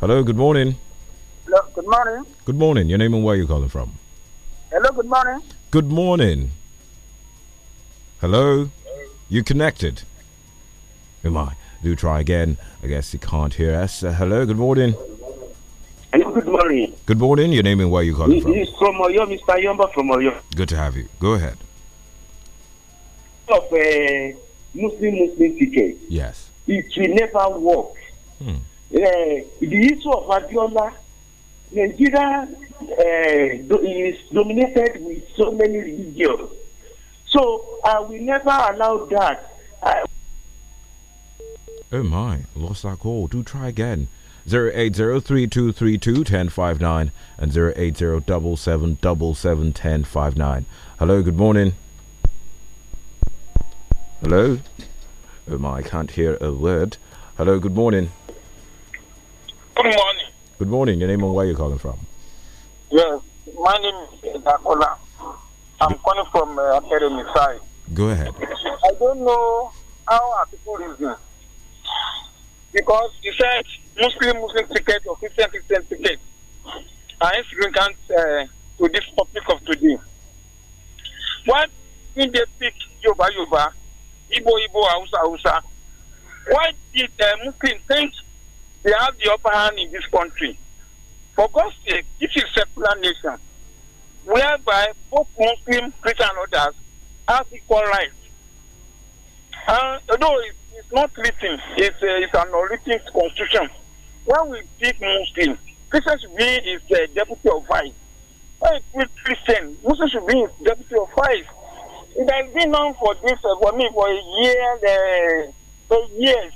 Hello, good morning. Hello, good morning. Good morning. Your name and where you calling from? Hello, good morning. Good morning. Hello? Hello. You connected? Am I? Do try again. I guess he can't hear us. Uh, hello, good morning. Hello, good morning. Good morning. Your name and where you calling from? This is from Oyo, Mr. Yomba from Oyo. Good to have you. Go ahead. Of uh, Muslim Muslim ticket. Yes. It will never work. Hmm. Eh, the issue of Abiola, Nigeria eh, is dominated with so many religions. So we never allow that. oh my, lost that call. Do try again. 08032321059 and 08077771059. Hello, good morning. Hello? Oh my, I can't hear a word. Hello, good morning. Good morning. Good morning. Your name and where you calling from? Yes, my name is Akola. I'm Go calling from uh, Academy side. Go ahead. I don't know how are people reason because you said Muslim Muslim ticket or Christian Christian ticket are insignificant uh, to this topic of today. Why did they speak Yoba Yoba, Ibo Ibo Hausa Hausa? Why did uh, Muslims think they have the upper hand in this country. For God's sake, this is a secular nation whereby both Muslim, Christian, and others have equal rights. And although it's, it's not written, it's, uh, it's an unwritten constitution. When we speak Muslim, Christian should be his uh, deputy of vice. When we Christian, Muslim should be his deputy of vice. It has been known for this, uh, for me, for a year, uh, for years.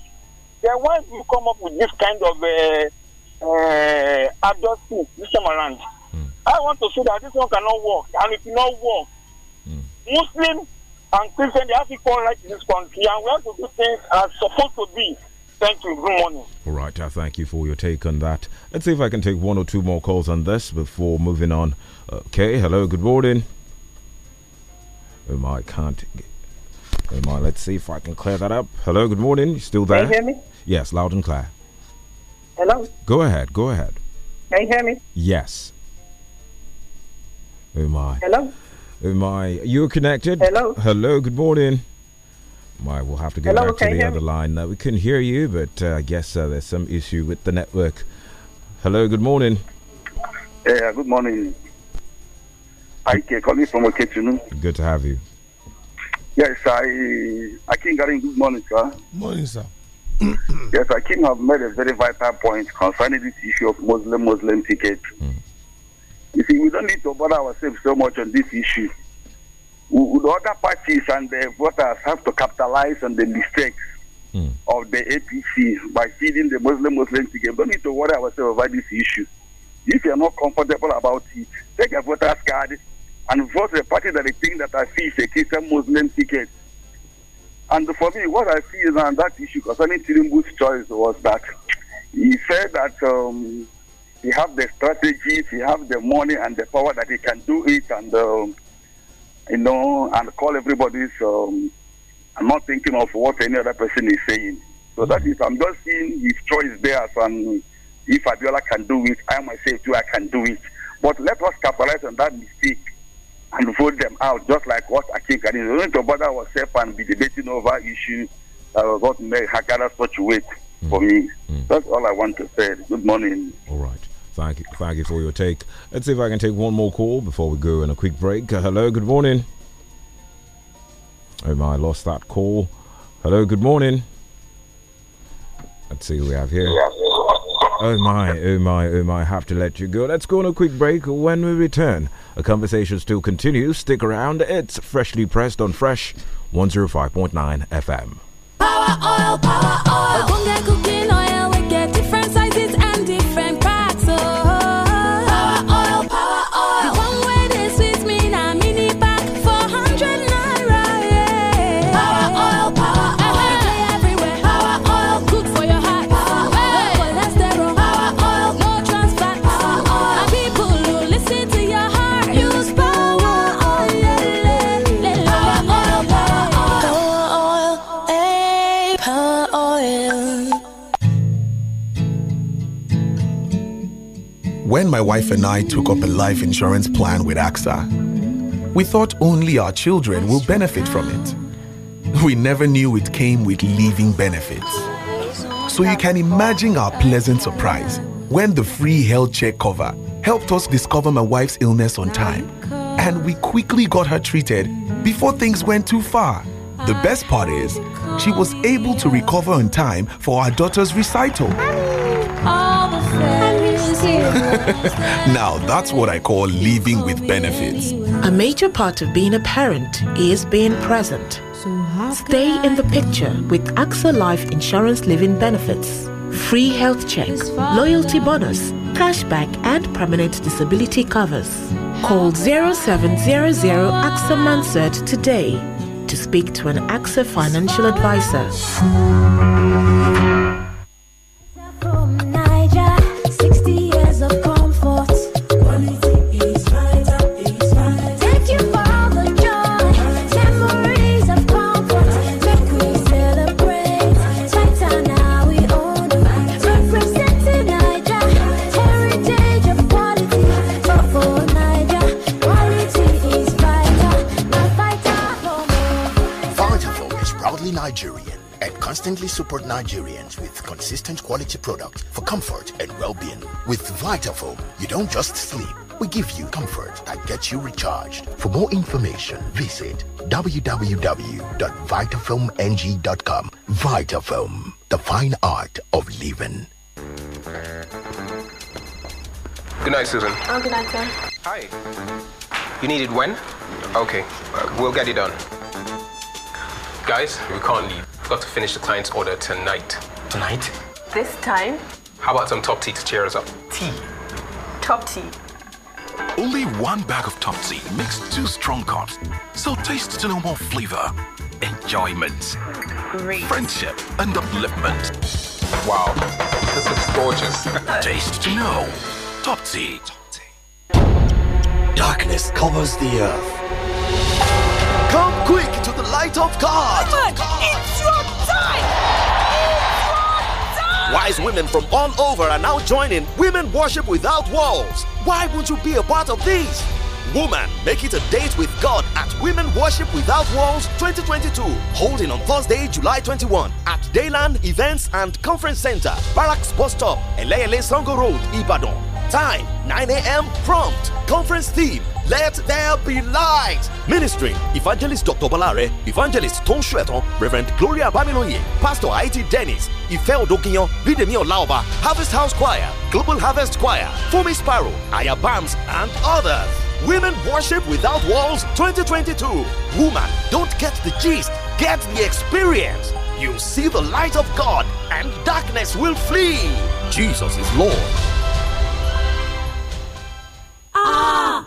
Then once you come up with this kind of uh, uh, adult thing this time around, mm. I want to see that this one cannot work, and it cannot work. Mm. Muslim and Christian, they have equal rights in this country, and we have to do things as supposed to be. Thank you. Good morning. All right. I thank you for your take on that. Let's see if I can take one or two more calls on this before moving on. Okay. Hello. Good morning. Um, I can't. Get Wait a let's see if I can clear that up. Hello, good morning. You still there? Can you hear me? Yes, loud and clear. Hello? Go ahead, go ahead. Can you hear me? Yes. Oh my. Hello? Oh my. You're connected? Hello? Hello, good morning. My, we'll have to go Hello, back to the other me? line. Now we couldn't hear you, but uh, I guess uh, there's some issue with the network. Hello, good morning. Yeah, good morning. I calling from Okechunu. Good to have you. Yes, I I think got in good morning, sir. Morning, sir. yes, I think have made a very vital point concerning this issue of Muslim Muslim ticket. Mm. You see, we don't need to bother ourselves so much on this issue. The other parties and the voters have to capitalize on the mistakes mm. of the APC by feeding the Muslim Muslim ticket? We don't need to worry ourselves about this issue. If you are not comfortable about it, take a voter's card and vote the party that they think that I feel is a Christian Muslim ticket. And for me, what I feel on that issue concerning Tinubu's choice was that he said that um, he have the strategies, he have the money and the power that he can do it, and um, you know, and call everybody's. Um, I'm not thinking of what any other person is saying. So that is, I'm just seeing his choice there as an if Abiola can do it, I myself too, I can do it. But let us capitalize on that mistake and vote them out, just like what I do did. want to bother ourselves and be debating over issues that uh, got Hakara such weight mm. for hmm. me. Mm. That's all I want to say. Good morning. All right. Thank you, thank you for your take. Let's see if I can take one more call before we go on a quick break. Uh, hello, good morning. Oh my, I lost that call. Hello, good morning. Let's see who we have here. Oh my, oh my, oh my, have to let you go. Let's go on a quick break. When we return, a conversation still continues. Stick around. It's freshly pressed on Fresh 105.9 FM. Power oil, power oil. my wife and I took up a life insurance plan with AXA. We thought only our children will benefit from it. We never knew it came with living benefits. So you can imagine our pleasant surprise when the free health check cover helped us discover my wife's illness on time. And we quickly got her treated before things went too far. The best part is, she was able to recover on time for our daughter's recital. now, that's what I call living with benefits. A major part of being a parent is being present. Stay in the picture with AXA Life Insurance Living Benefits. Free health check, loyalty bonus, cashback, and permanent disability covers. Call 0700 AXA Mansert today to speak to an AXA financial advisor. VitaFoam, you don't just sleep. We give you comfort that gets you recharged. For more information, visit www.vitafilmng.com. VitaFilm, the fine art of living. Good night, Susan. Oh, good night, sir. Hi. You needed when? Okay, uh, we'll get it done. Guys, we can't leave. We've got to finish the client's order tonight. Tonight? This time? How about some top tea to cheer us up? Tea. Top tea. Only one bag of top tea makes two strong cups. So taste to know more flavor, enjoyment, Great. friendship, and upliftment. Wow, this looks gorgeous. taste to know. Top tea. top tea. Darkness covers the earth. Come quick to the light of God. Come on. Wise women from all over are now joining Women Worship Without Walls. Why won't you be a part of these? Woman, make it a date with God at Women Worship Without Walls 2022, holding on Thursday, July 21 at Dayland Events and Conference Center, Barracks Bus Stop, Elele Sango Road, Ibadan. Time 9 a.m. Prompt. Conference theme let there be light. Ministry Evangelist Dr. Balare, Evangelist Tom Shweton, Reverend Gloria Bamiloye, Pastor Haiti Dennis, Ife Odokinyan, Bidemi Olaoba, Harvest House Choir, Global Harvest Choir, Fumi Sparrow, Aya Bams, and others. Women Worship Without Walls 2022. Woman, don't get the gist, get the experience. you see the light of God and darkness will flee. Jesus is Lord. Ah!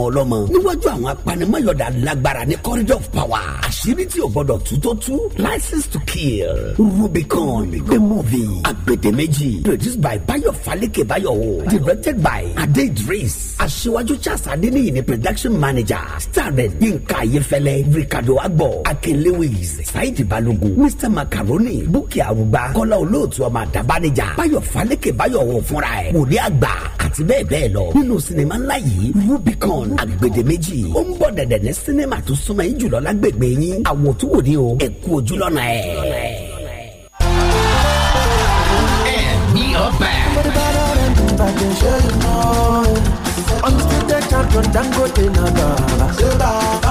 ọmọ ọlọ́mọ níwájú àwọn apanimọ̀yọ̀dà lágbára ní corridor of power àṣírí tí o gbọdọ̀ tú tó license to kill rubicon the movie agbèdémèjì produced by bayo falike bayo directed by ade idris aṣíwájú charles adeniyi ni production manager starred yinka ayefẹlẹ ricardo agbo akin lewis saidi balogun mr macaroni bukki arugba kọ́lá olóòtú ọmọ àdàbánijà bayo falike bayo wò fúnra ẹ̀ wòlíì àgbà àti bẹ́ẹ̀ bẹ́ẹ̀ lọ nínú sinimá ńlá yìí rubicon two agbedeméjì ó ń bọ̀ dẹ̀dẹ̀ ní sinimá tó súnmọ́ yín jùlọ lágbègbè yín àwòtúwò ni o ẹ kú ojú lọ́nà ẹ̀. ẹ̀mí ọ̀bẹ. Undisputed champion Dangote na baba.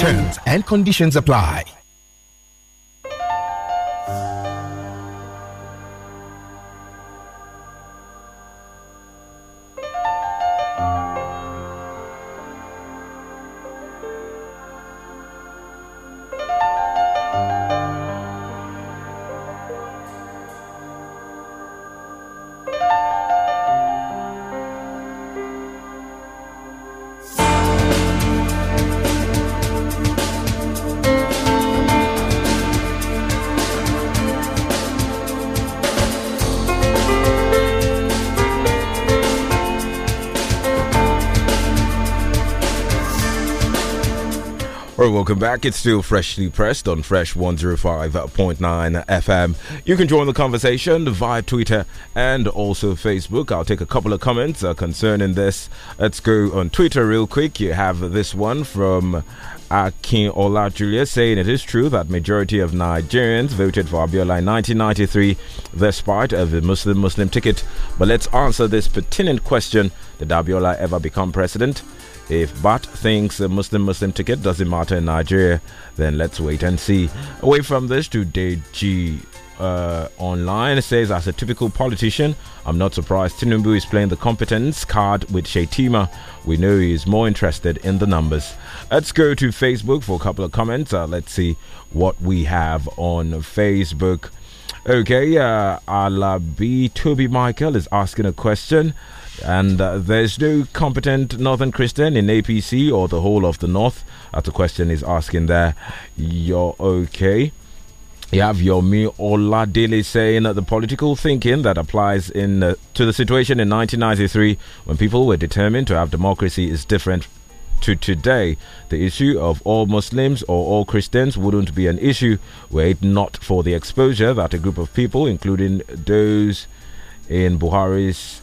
Terms and conditions apply. welcome back. It's still freshly pressed on Fresh 105.9 FM. You can join the conversation via Twitter and also Facebook. I'll take a couple of comments uh, concerning this. Let's go on Twitter real quick. You have this one from Akin Ola Julius saying it is true that majority of Nigerians voted for Abiola in 1993 despite of the Muslim Muslim ticket. But let's answer this pertinent question: Did Abiola ever become president? If Bat thinks a Muslim Muslim ticket doesn't matter in Nigeria, then let's wait and see. Away from this, today G uh, online says, as a typical politician, I'm not surprised Tinubu is playing the competence card with Shetima. We know he is more interested in the numbers. Let's go to Facebook for a couple of comments. Uh, let's see what we have on Facebook. Okay, uh, Alabi Toby Michael is asking a question. And uh, there's no competent Northern Christian in APC or the whole of the North. That's uh, the question is asking there. You're okay. You have your ola Oladele saying that the political thinking that applies in uh, to the situation in 1993 when people were determined to have democracy is different to today. The issue of all Muslims or all Christians wouldn't be an issue were it not for the exposure that a group of people, including those in Buhari's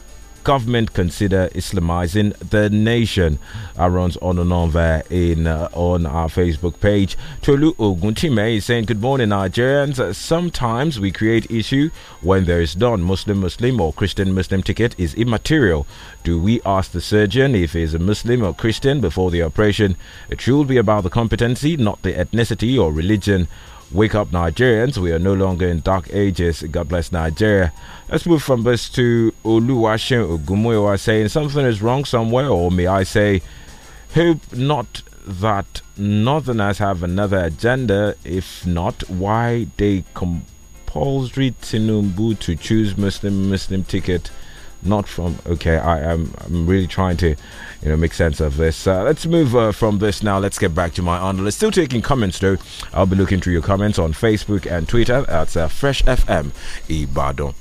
government consider Islamizing the nation? Aaron's on and on there in uh, on our Facebook page. Tolu Oguntime is saying, Good morning, Nigerians. Sometimes we create issue when there is none. Muslim Muslim or Christian Muslim ticket is immaterial. Do we ask the surgeon if he is a Muslim or Christian before the operation? It should be about the competency, not the ethnicity or religion Wake up, Nigerians. We are no longer in dark ages. God bless Nigeria. Let's move from this to Oluwashin Ogumoyewa saying something is wrong somewhere, or may I say, hope not that Northerners have another agenda. If not, why they compulsory Tinubu to choose Muslim Muslim ticket? not from okay i am I'm, really trying to you know make sense of this uh, let's move uh, from this now let's get back to my analyst still taking comments though i'll be looking through your comments on facebook and twitter at uh, fresh fm ibadan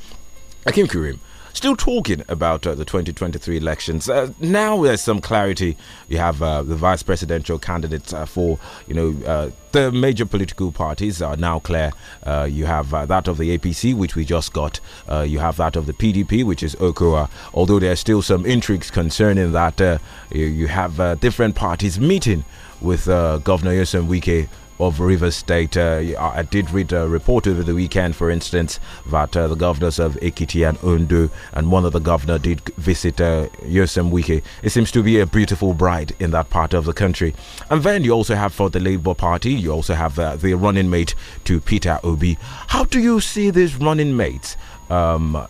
akim kurim still talking about uh, the 2023 elections. Uh, now there's some clarity. You have uh, the vice presidential candidates uh, for, you know, uh, the major political parties are now clear. Uh, you have uh, that of the APC, which we just got. Uh, you have that of the PDP, which is Okoa. Although there are still some intrigues concerning that. Uh, you, you, have different parties meeting with Governor Yosen Wike of River State. Uh, I did read a report over the weekend, for instance, that uh, the governors of Ekiti and Undu and one of the governor did visit uh, It seems to be a beautiful bride in that part of the country. And then you also have for the Labour Party, you also have uh, the running mate to Peter Obi. How do you see these running mates? Um,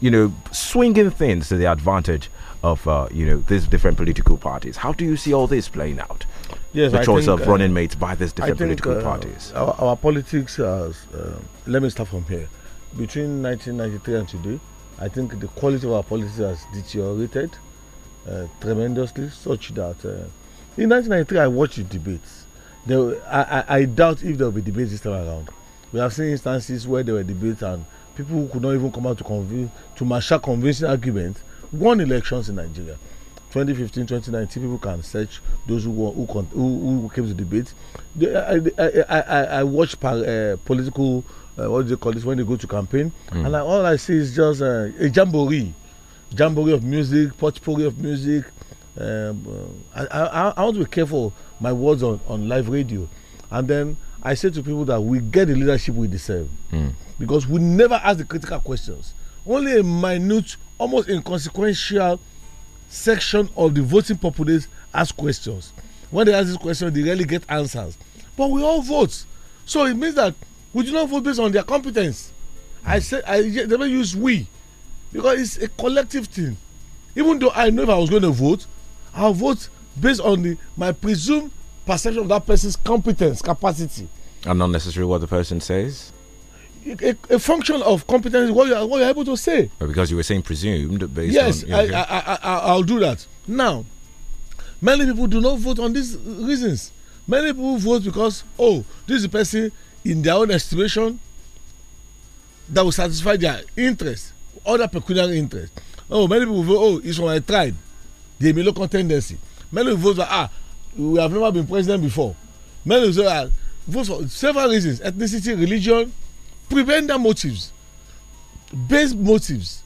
you know, swinging things to the advantage of uh, you know these different political parties. How do you see all this playing out? yes, the I choice think, of uh, running mates by these different think, political uh, parties? Our, our, politics has. Uh, let me start from here. Between 1993 and today, I think the quality of our politics has deteriorated tremendously, such that in 1993 I watched the debates. I, I, I doubt if there will be debates this time around. We have seen instances where there were debates and people who could not even come out to convince to marshal convincing arguments won elections in Nigeria. 2015, 2019, people can search those who who, who, who came to debate. I, I, I, I watch uh, political, uh, what do they call this, when they go to campaign, mm. and I, all I see is just uh, a jamboree, jamboree of music, potpourri of music. Um, uh, I, I, I want to be careful my words on, on live radio. And then I say to people that we get the leadership we deserve mm. because we never ask the critical questions. Only a minute, almost inconsequential section of the voting populace ask questions when they ask these questions they rarely get answers but we all vote so it means that we do not vote based on their competence i said i never use we because it's a collective thing even though i know if i was going to vote i'll vote based on the, my presumed perception of that person's competence capacity and not necessarily what the person says a, a, function of competence what you are, what you are able to say. But because you were saying presumed based yes, on. Yes, I, will do that. Now, many people do not vote on these reasons. Many people vote because, oh, this is a person in their own estimation that will satisfy their interest, other pecuniary interest. Oh, many people vote, oh, it's from my tribe. The local tendency. Many people vote, ah, we have never been president before. Many people vote for several reasons ethnicity, religion the motives base motives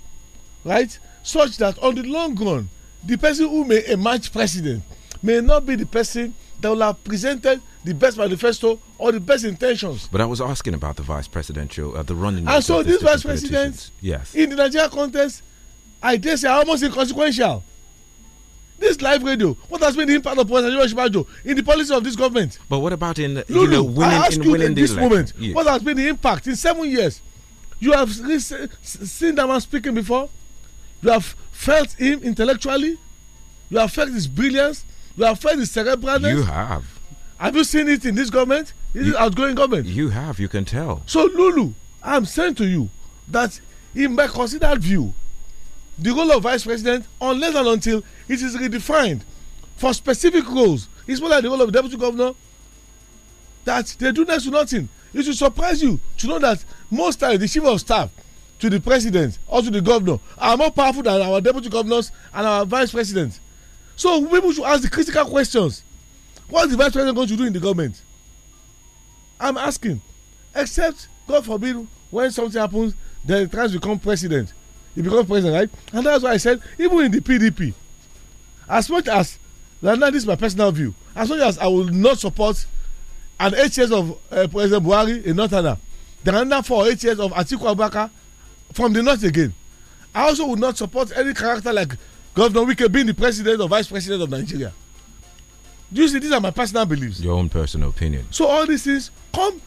right such that on the long run the person who may emerge president may not be the person that will have presented the best manifesto or the best intentions. But I was asking about the vice presidential, uh, the running. And so this vice president, yes, in the Nigeria contest, I dare say, almost inconsequential this live radio what has been the impact of president Obasanjo in the policy of this government. but what about in Lulu, know winning in winning in this election. moment yeah. what has been the impact in seven years you have seen that man speaking before you have felt him intellectually you have felt his brilliance you have felt his cerebralness. you have. have you seen it in this government this you, outgoing government. you have you can tell. so lulu i'm saying to you that in my considered view the role of vice president unless and until it is redefined for specific roles it's more like the role of deputy governor that they do next to nothing it should surprise you to know that most times the chief of staff to the president or to the governor are more powerful than our deputy governors and our vice president so people should ask the critical questions what is the vice president going to do in the government i'm asking except god forbid when something happens then he tries to become president he becomes president, right? And that's why I said, even in the PDP, as much as now this is my personal view, as much as I will not support an eight years of uh, President Buhari in Northern, the another for eight years of Atiku Abaka from the north again. I also would not support any character like Governor Wike being the president or vice president of Nigeria. Do you see, these are my personal beliefs. Your own personal opinion. So all these things come,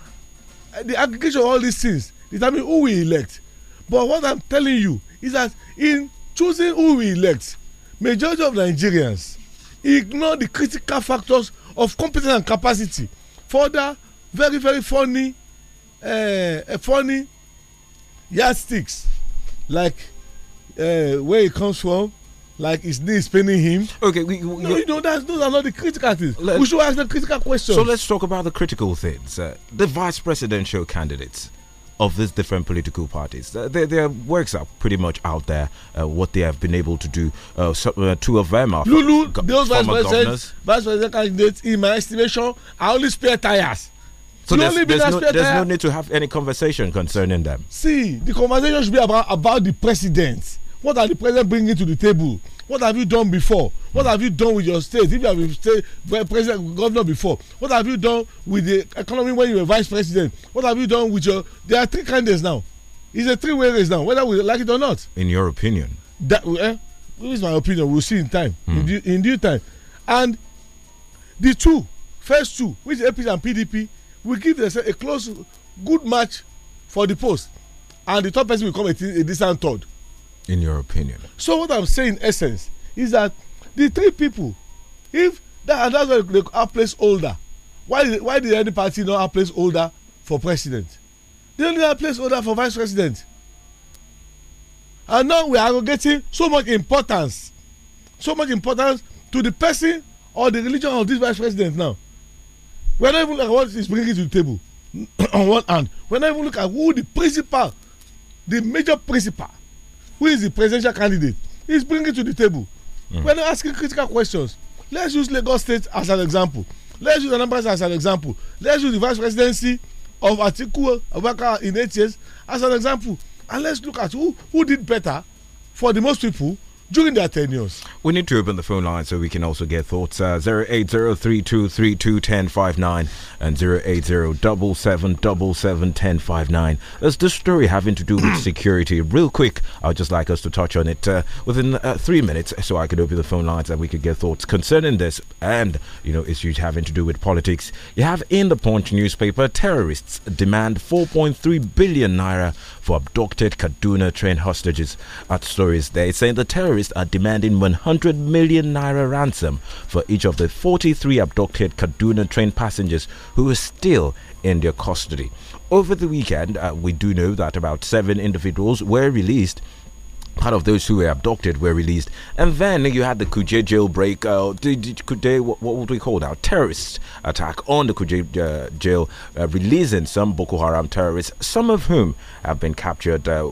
uh, the aggregation of all these things determine who we elect. But what I'm telling you is that in choosing who we elect majority of nigerians ignore the critical factors of competence and capacity further very very funny uh, funny yardsticks like uh, where he comes from like his knee is paining him. Okay, we, we, no, you know that's those are not the critical things. Let, we should ask the critical questions. So let's talk about the critical things. Uh, the vice presidential candidates of these different political parties. Uh, their, their, works are pretty much out there, uh, what they have been able to do. Uh, so, uh, two of them are Lulu, those vice president, vice president candidates, in my estimation, are only spare tires. So there's, there's, no, there's no, need to have any conversation concerning them. See, the conversation should be about, about the president. What are the president bringing to the table? What have you done before? What have you done with your state? If you have been state president governor before, what have you done with the economy when you were vice president? What have you done with your? There are three candidates now. It's a three-way race now, whether we like it or not. In your opinion, that eh, is my opinion. We'll see in time, mm. in, hmm. due, in due time, and the two first two, which APC and PDP, will give themselves a close, good match for the post, and the top person will come a, a decent third. In your opinion. So what I'm saying, in essence, is that the three people, if that, that's why they have placeholder. Why why did any party not have placeholder for president? They only have placeholder for vice president. And now we are getting so much importance, so much importance to the person or the religion of this vice president now. We're not even looking at what is bringing to the table on one hand. We're not even looking at who the principal, the major principal who is the presidential candidate is bringing to the table. Mm. We're not asking critical questions. Let's use Lagos State as an example. Let's use Anambra as an example. Let's use the vice presidency of Atiku Abubakar in eight years as an example. And let's look at who who did better for the most people during their tenures. We need to open the phone line so we can also get thoughts. Uh, 08032321059 and 08077771059. There's this story having to do with security. Real quick, I'd just like us to touch on it uh, within uh, three minutes so I could open the phone lines and we could get thoughts concerning this and, you know, issues having to do with politics. You have in the Punch newspaper, terrorists demand 4.3 billion naira for abducted Kaduna train hostages. At stories there. It's saying the terrorists terrorists are demanding 100 million naira ransom for each of the 43 abducted Kaduna train passengers who are still in their custody. Over the weekend, uh, we do know that about seven individuals were released part of those who were abducted were released. And then you had the Kuje jailbreak, uh, what, what would we call now? Terrorist attack on the Kuje uh, jail, uh, releasing some Boko Haram terrorists, some of whom have been captured. Uh,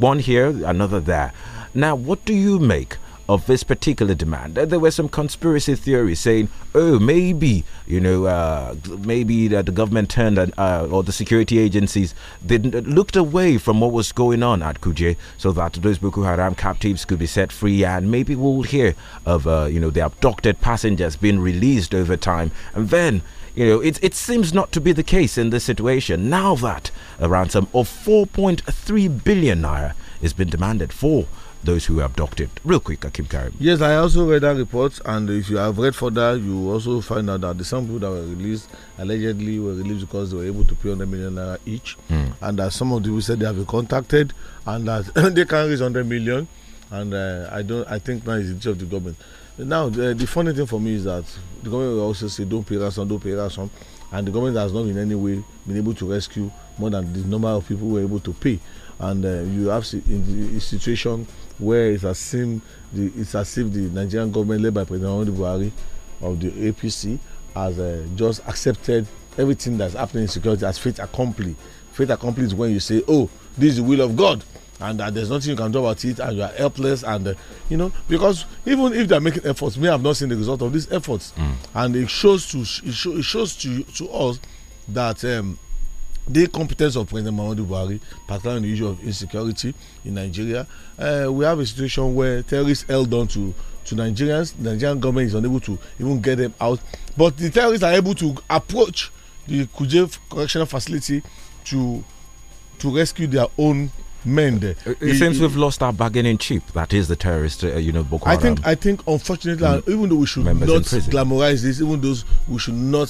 one here, another there. Now, what do you make of this particular demand. There were some conspiracy theories saying, oh, maybe, you know, uh, maybe that the government turned uh, or the security agencies uh, looked away from what was going on at Kuje so that those Boko Haram captives could be set free. And maybe we'll hear of, uh, you know, the abducted passengers being released over time. And then, you know, it, it seems not to be the case in this situation now that a ransom of 4.3 billion naira has been demanded for those who were abducted. Real quick, Akim Karim. Yes, I also read that report, and if you have read further, you also find out that the sample that were released allegedly were released because they were able to pay 100 million naira each, mm. and that some of the people said they have been contacted and that they can raise 100 million. And uh, I don't, I think now is the duty of the government. Now, the, uh, the, funny thing for me is that the government will also say, don't pay ransom, don't pay ransom. And the government has not in any way been able to rescue more than the number of people were able to pay. And uh, you have in the situation where it's as if the it's as if the Nigerian government led by President Muhammadu Buhari of the APC has uh, just accepted everything that's happening in security as faith accompli faith accompli is when you say oh this is the will of God and that uh, there's nothing you can do about it and you are helpless and uh, you know because even if they're making efforts may have not seen the result of these efforts mm. and it shows to it, show, it shows to to us that um, the competence of President Muhammadu Buhari, particularly on the issue of insecurity in Nigeria. Uh, we have a situation where terrorists held on to to Nigerians. The Nigerian government is unable to even get them out. But the terrorists are able to approach the Kuje Correctional Facility to to rescue their own mend. It, it seems it, we've lost our bargaining chip. That is the terrorist, uh, you know, Boko Haram. I think, I think, unfortunately, mm. even though we should Members not glamorize this, even though we should not,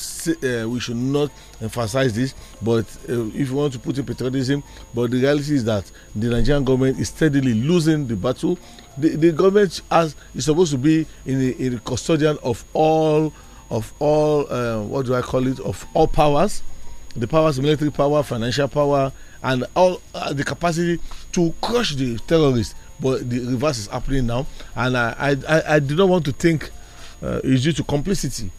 uh, we should not emphasize this. But uh, if you want to put it patriotism, but the reality is that the Nigerian government is steadily losing the battle. The, the government has, is supposed to be in the, in the custodian of all, of all, uh, what do I call it, of all powers, the powers, military power, financial power and all uh, the capacity to crush the terrorists. But the reverse is happening now, and I I, I do not want to think uh, it's due to complicity.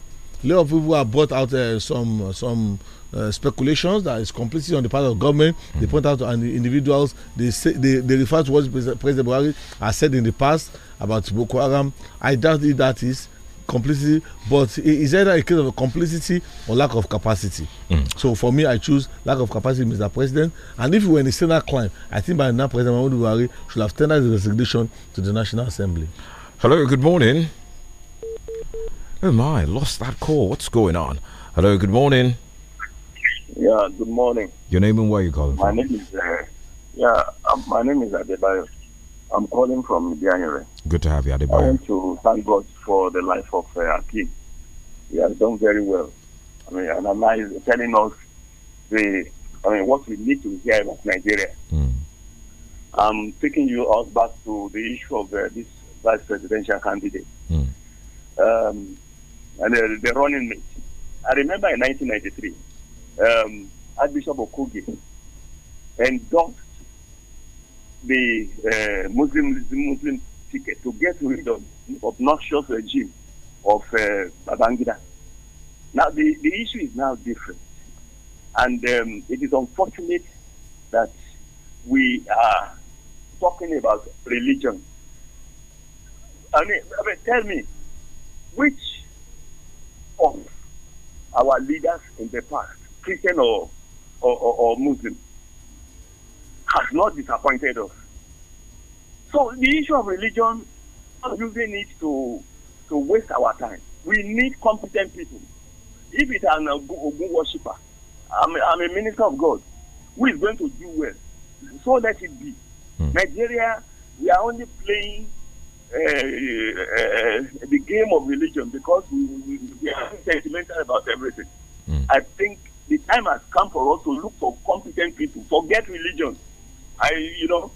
A lot of people have brought out uh, some uh, some uh, speculations that is complicity on the part of government. Mm. They mm-hmm. point out and the individuals they say they, they refer to what President Buhari has said in the past about Boko Haram. I doubt if that is. complicity, but it's either a case of complicity or lack of capacity. Mm. So for me, I choose lack of capacity, Mr. President. And if we were in a Senate climb, I think by now President Mahmoud Buhari should have tendered his resignation to the National Assembly. Hello, good morning. Oh my, lost that call. What's going on? Hello, good morning. Yeah, good morning. Your name and where you calling my from? My name is, uh, yeah, um, my name is Adebayo. I'm calling from January. Good to have you, Adebayo. I want to thank God for the life of uh, king, He has done very well. I mean, and is telling us the, I mean, what we need to hear about Nigeria. Mm. I'm taking you all back to the issue of uh, this vice presidential candidate mm. um, and the, uh, the running mate. I remember in 1993, um, Archbishop Okugi endorsed the uh, Muslim Muslim ticket to get rid of the obnoxious regime of uh, Babangida. Now, the, the issue is now different. And um, it is unfortunate that we are talking about religion. I mean, I mean, tell me, which of our leaders in the past, Christian or, or, or, or Muslim, has not disappointed us? So the issue of religion using it to to waste our time. We need competent people. If it is an good worshiper, I'm, I'm a minister of God, who is going to do well. So let it be. Mm. Nigeria, we are only playing uh, uh, the game of religion because we, we, we are sentimental about everything. Mm. I think the time has come for us to look for competent people. Forget religion. I, you know,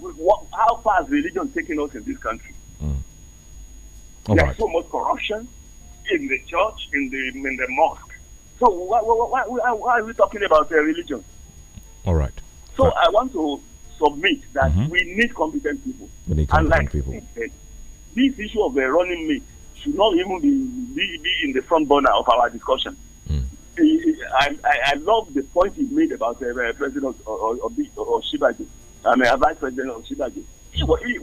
what, how far is religion taking us in this country? Mm. There's right. so much corruption in the church, in the in the mosque. So why, why, why, why are we talking about uh, religion? All right. So right. I want to submit that mm -hmm. we need competent people. We need competent like people. Said, uh, this issue of the uh, running mate should not even be, be, be in the front burner of our discussion. Mm. I, I, I, love the point he made about uh, President Oshibaji. Or, or, or I mean, a vice president of Shibaji.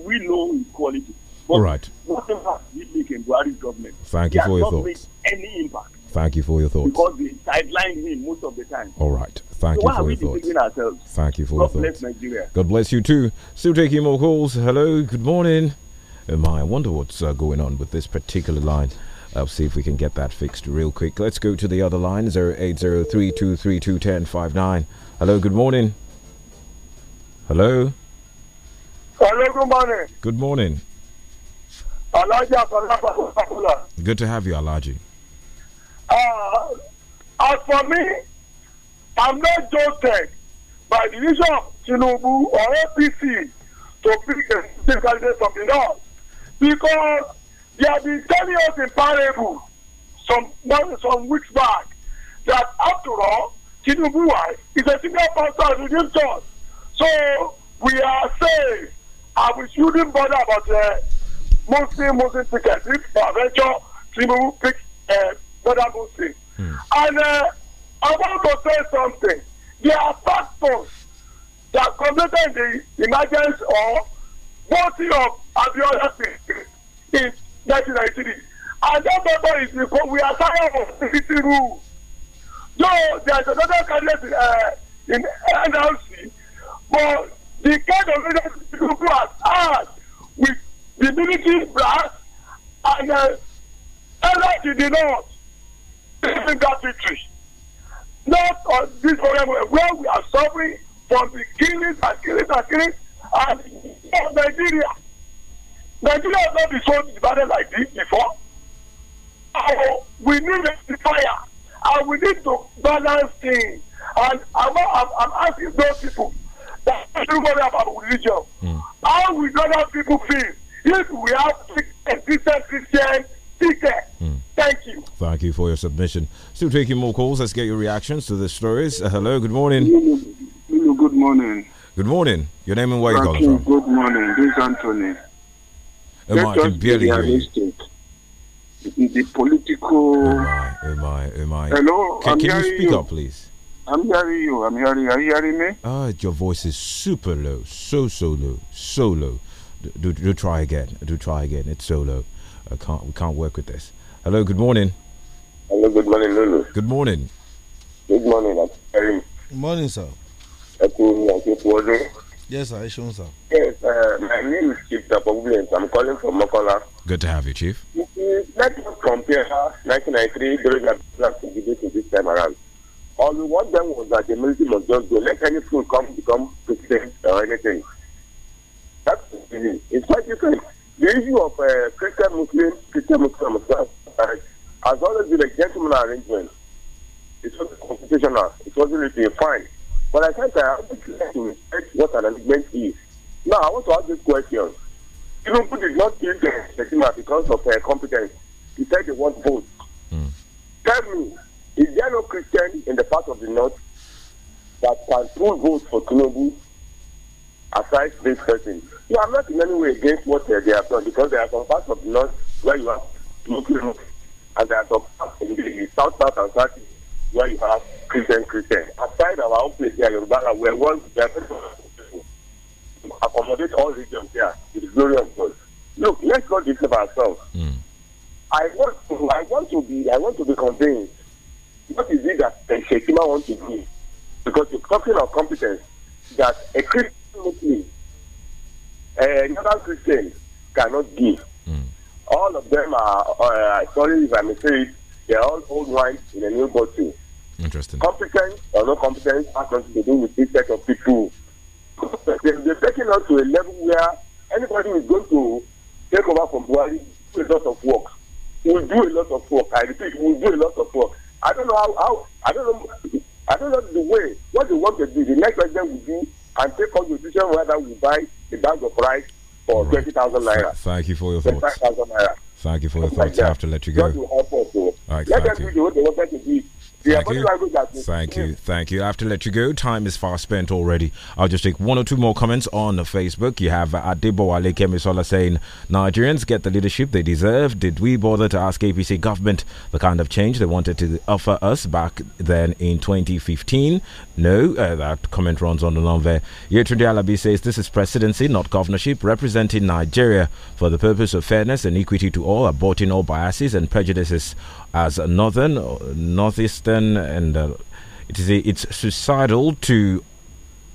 We know his quality. But right. whatever he make in Buhari's government, Thank you for your thoughts. any impact. Thank you for your thoughts. Because they sideline him most of the time. All right. Thank so you for your thoughts. Ourselves? Thank you for God your thoughts. God Bless Nigeria. God bless you too. Still taking more calls. Hello. Good morning. Um, I wonder what's uh, going on with this particular line. I'll uh, see if we can get that fixed real quick. Let's go to the other line three two ten five nine. Hello. Good morning. Hello. Hello, good morning. Good morning. Good to have you, Alaji. Uh, as for me, I'm not jolted by the vision of Tinubu or APC to pick a state candidate from the north because they have been telling us in parable some, some weeks back that after all, Tinubu is a single pastor of the church. So we are saying, I was shouldn't bother about the uh, Muslim Muslim ticket. If Baventure Tinubu picks uh, Brother Muslim. Hmm. And uh, I want to say something. There are factors that completed the emergence or voting of Abiola in 1993. And that number is because we are tired of the city rule. Though there is another candidate uh, in NLC but the kind of leadership who has had with the military brass and uh, allies the north in that victory. Not on this problem where we are suffering from the killings and killings and killings and of Nigeria. Nigeria has not been so divided like this before. we need a fire and we need to balance things. And I'm, I'm, I'm asking those people but we do worry about religion. Mm. How will other people feel if we have a decent Christian Mm. Thank you. Thank you for your submission. Still taking more calls. Let's get your reactions to the stories. Uh, hello, good morning. Hello, good morning. Good morning. Your name and where you calling from? Good morning. This is Anthony. Am I can barely hear you. The political. Am I? Am I? Hello. Can, can you speak you. up, please? I'm hearing you. I'm hearing you. Are you hearing me? Ah, your voice is super low. So, so low. So low. Do, do, do try again. Do try again. It's so low. I can't, we can't work with this. Hello, good morning. Hello, good morning, Lulu. Good morning. Good morning, I'm Good morning, sir. Yes, sir. Ishun, sir. Yes, uh, my name is Chief Tapobulens. I'm calling from Mokola. Good to have you, Chief. Let's compare 1993 during the black to this time around. All we want them was that the military must not go. Let any fool come become president or anything. That's it. It's you different. The issue of uh, Christian Muslim, Christian Muslim, uh, has always been a gentleman arrangement. It was constitutional. It wasn't really fine. But I think I have to respect what an arrangement is. Now, I want to ask this question. Tinubu did not give the because of uh, competence. He said he wants votes. Mm. Tell me, is there no Christian in the part of the north that can pull votes for Tinubu aside this person? You are not in any way against what uh, they have done because there are some parts of the north where you have Tinubu and there are some parts in the south part and south where you have Christian Christian. Aside our own place here, Yoruba, where once there accommodate all regions here It is the glory of God. Look, let's not deceive ourselves. Mm. I want to I want to be I want to be convinced what is it that Shekima wants to do? Because you're talking of competence that a Christian Muslim, a northern Christian cannot give. Mm. All of them are, uh, sorry if I may say it, they're all old wine in a new bottle. Interesting. Competence or no competence has nothing to do with this set of people. they're taking us to a level where anybody who's going to take over from Buhari will do a lot of work. Will do a lot of work. I repeat, will do a lot of work I don't know how, how I don't know I don't know the way what they want to do. The next president will do and take on the decision whether we buy the bag of rice for right. twenty thousand naira. Thank you for your thoughts. Thank you for your thoughts. I have to let you go. All right, Let them do what they wanted to do thank you. Thank you. Thank you. I have to let you go. Time is far spent already. I'll just take one or two more comments on Facebook. You have Adebo Ale saying Nigerians get the leadership they deserve. Did we bother to ask APC government the kind of change they wanted to offer us back then in 2015? No. Uh, that comment runs on the long there. Yetunde Alabi says this is presidency, not governorship, representing Nigeria for the purpose of fairness and equity to all, aborting all biases and prejudices as northern, northeastern, and uh, it is a, it's suicidal to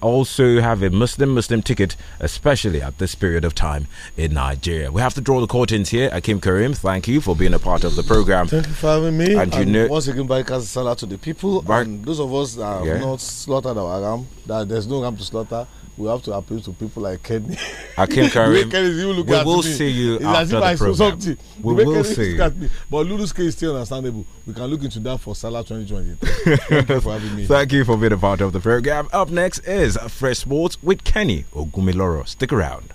also have a Muslim Muslim ticket, especially at this period of time in Nigeria. We have to draw the curtains here. Akim uh, Karim, thank you for being a part of the program. Thank you for having me. And, and you know, once again, by Salah to the people. And those of us that yeah. have not slaughtered our ram, that there's no ram to slaughter we have to appeal to people like Kenny. Akim Karim, we will see you it's after the program. We the will see me. But Lulu's case is still understandable. We can look into that for Salah 2020. Thank you for having me. Thank you for being a part of the program. Up next is Fresh Sports with Kenny Ogumiloro. Stick around.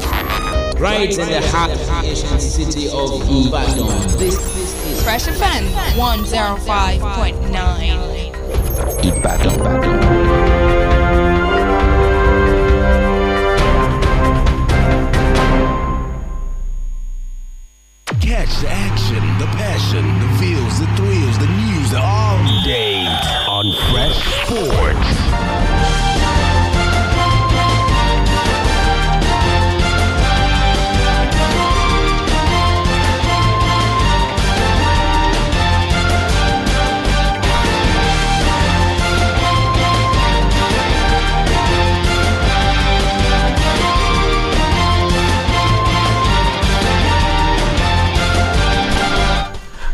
right in the heart of Asian city of Ibadan. Fresh offense 105.9. Ibadan. Ibadan. Catch the action, the passion, the feels, the thrills, the news all day on Fresh Sports.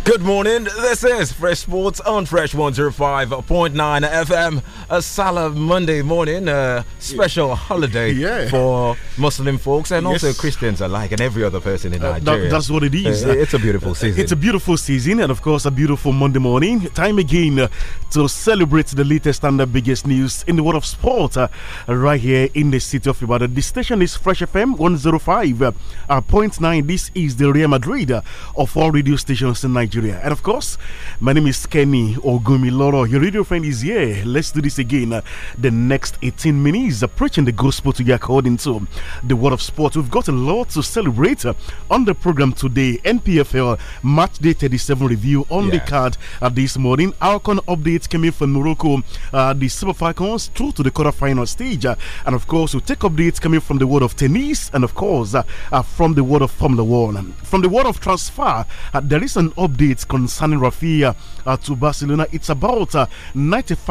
Good morning. This is Fresh Sports on Fresh 105.9 FM. A Salah Monday morning, a uh, special holiday yeah. for Muslim folks and yes. also Christians alike and every other person in uh, Nigeria. That, that's what it uh, is. Uh, it's a beautiful uh, season. It's a beautiful season and, of course, a beautiful Monday morning. Time again to celebrate the latest and the biggest news in the world of sport right here in the city of Ibadan. The station is Fresh FM 105.9. this is the Real Madrid of all radio stations in Nigeria. Nigeria. And of course, my name is Kenny Ogumiloro. Your radio friend is here. Let's do this again. Uh, the next 18 minutes, uh, preaching the gospel to you according to the world of sport. We've got a lot to celebrate uh, on the program today. NPFL match day 37 review on yeah. the card uh, this morning. Alcon updates coming from Morocco. Uh, the Super Falcons through to the quarterfinal stage. Uh, and of course, we will take updates coming from the world of tennis and of course, uh, from the world of Formula One. From the world of transfer, there is an update updates concerning Rafia uh, to Barcelona. It's about 95%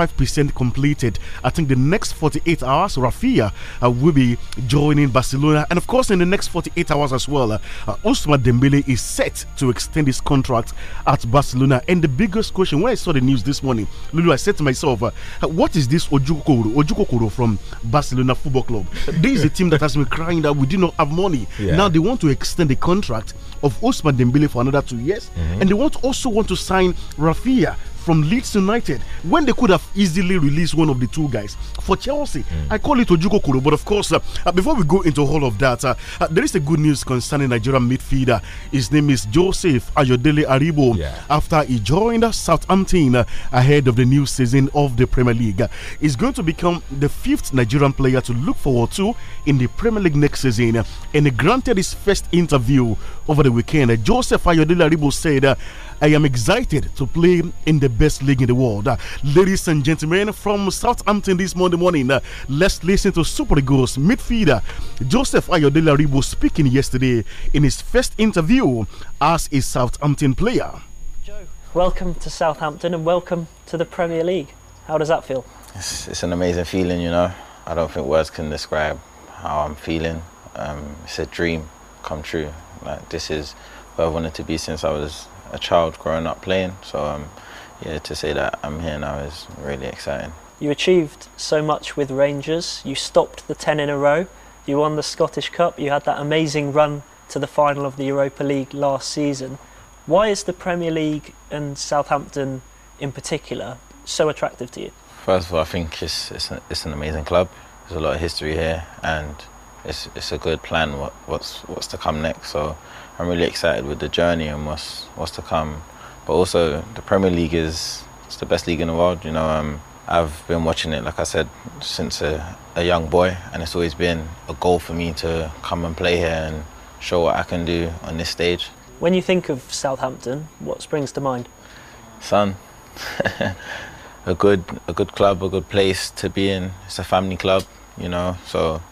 uh, completed. I think the next 48 hours, Rafinha uh, will be joining Barcelona. And of course, in the next 48 hours as well, uh, uh, Ousmane Dembele is set to extend his contract at Barcelona. And the biggest question, when I saw the news this morning, Lulu, I said to myself, what is this Ojukokoro, Ojukokoro from Barcelona Football Club? this is a team that has been crying that we do not have money. Yeah. Now they want to extend the contract of Ousmane Dembele for another two years. Mm -hmm. And they want not also want to sign Rafia from Leeds United when they could have easily released one of the two guys for Chelsea. Mm. I call it Ojuko Kuro, but of course, uh, uh, before we go into all of that, uh, uh, there is a good news concerning Nigerian midfielder. His name is Joseph Ayodele Aribo. Yeah. After he joined Southampton uh, ahead of the new season of the Premier League, he's going to become the fifth Nigerian player to look forward to in the Premier League next season. And he granted his first interview over the weekend. Joseph Ayodele Aribo said. Uh, I am excited to play in the best league in the world. Uh, ladies and gentlemen, from Southampton this Monday morning, uh, let's listen to Super Eagles midfielder Joseph Ayodele Ribo speaking yesterday in his first interview as a Southampton player. Joe, welcome to Southampton and welcome to the Premier League. How does that feel? It's, it's an amazing feeling, you know. I don't think words can describe how I'm feeling. Um, it's a dream come true. Like this is where I wanted to be since I was a child growing up playing. So um, yeah, to say that I'm here now is really exciting. You achieved so much with Rangers. You stopped the 10 in a row. You won the Scottish Cup. You had that amazing run to the final of the Europa League last season. Why is the Premier League and Southampton in particular so attractive to you? First of all, I think it's, it's, an, it's an amazing club. There's a lot of history here and it's, it's a good plan what, what's, what's to come next. So I'm really excited with the journey and what's what's to come. But also, the Premier League is it's the best league in the world. You know, um, I've been watching it, like I said, since a, a young boy, and it's always been a goal for me to come and play here and show what I can do on this stage. When you think of Southampton, what springs to mind? Sun. a good a good club, a good place to be in. It's a family club, you know. So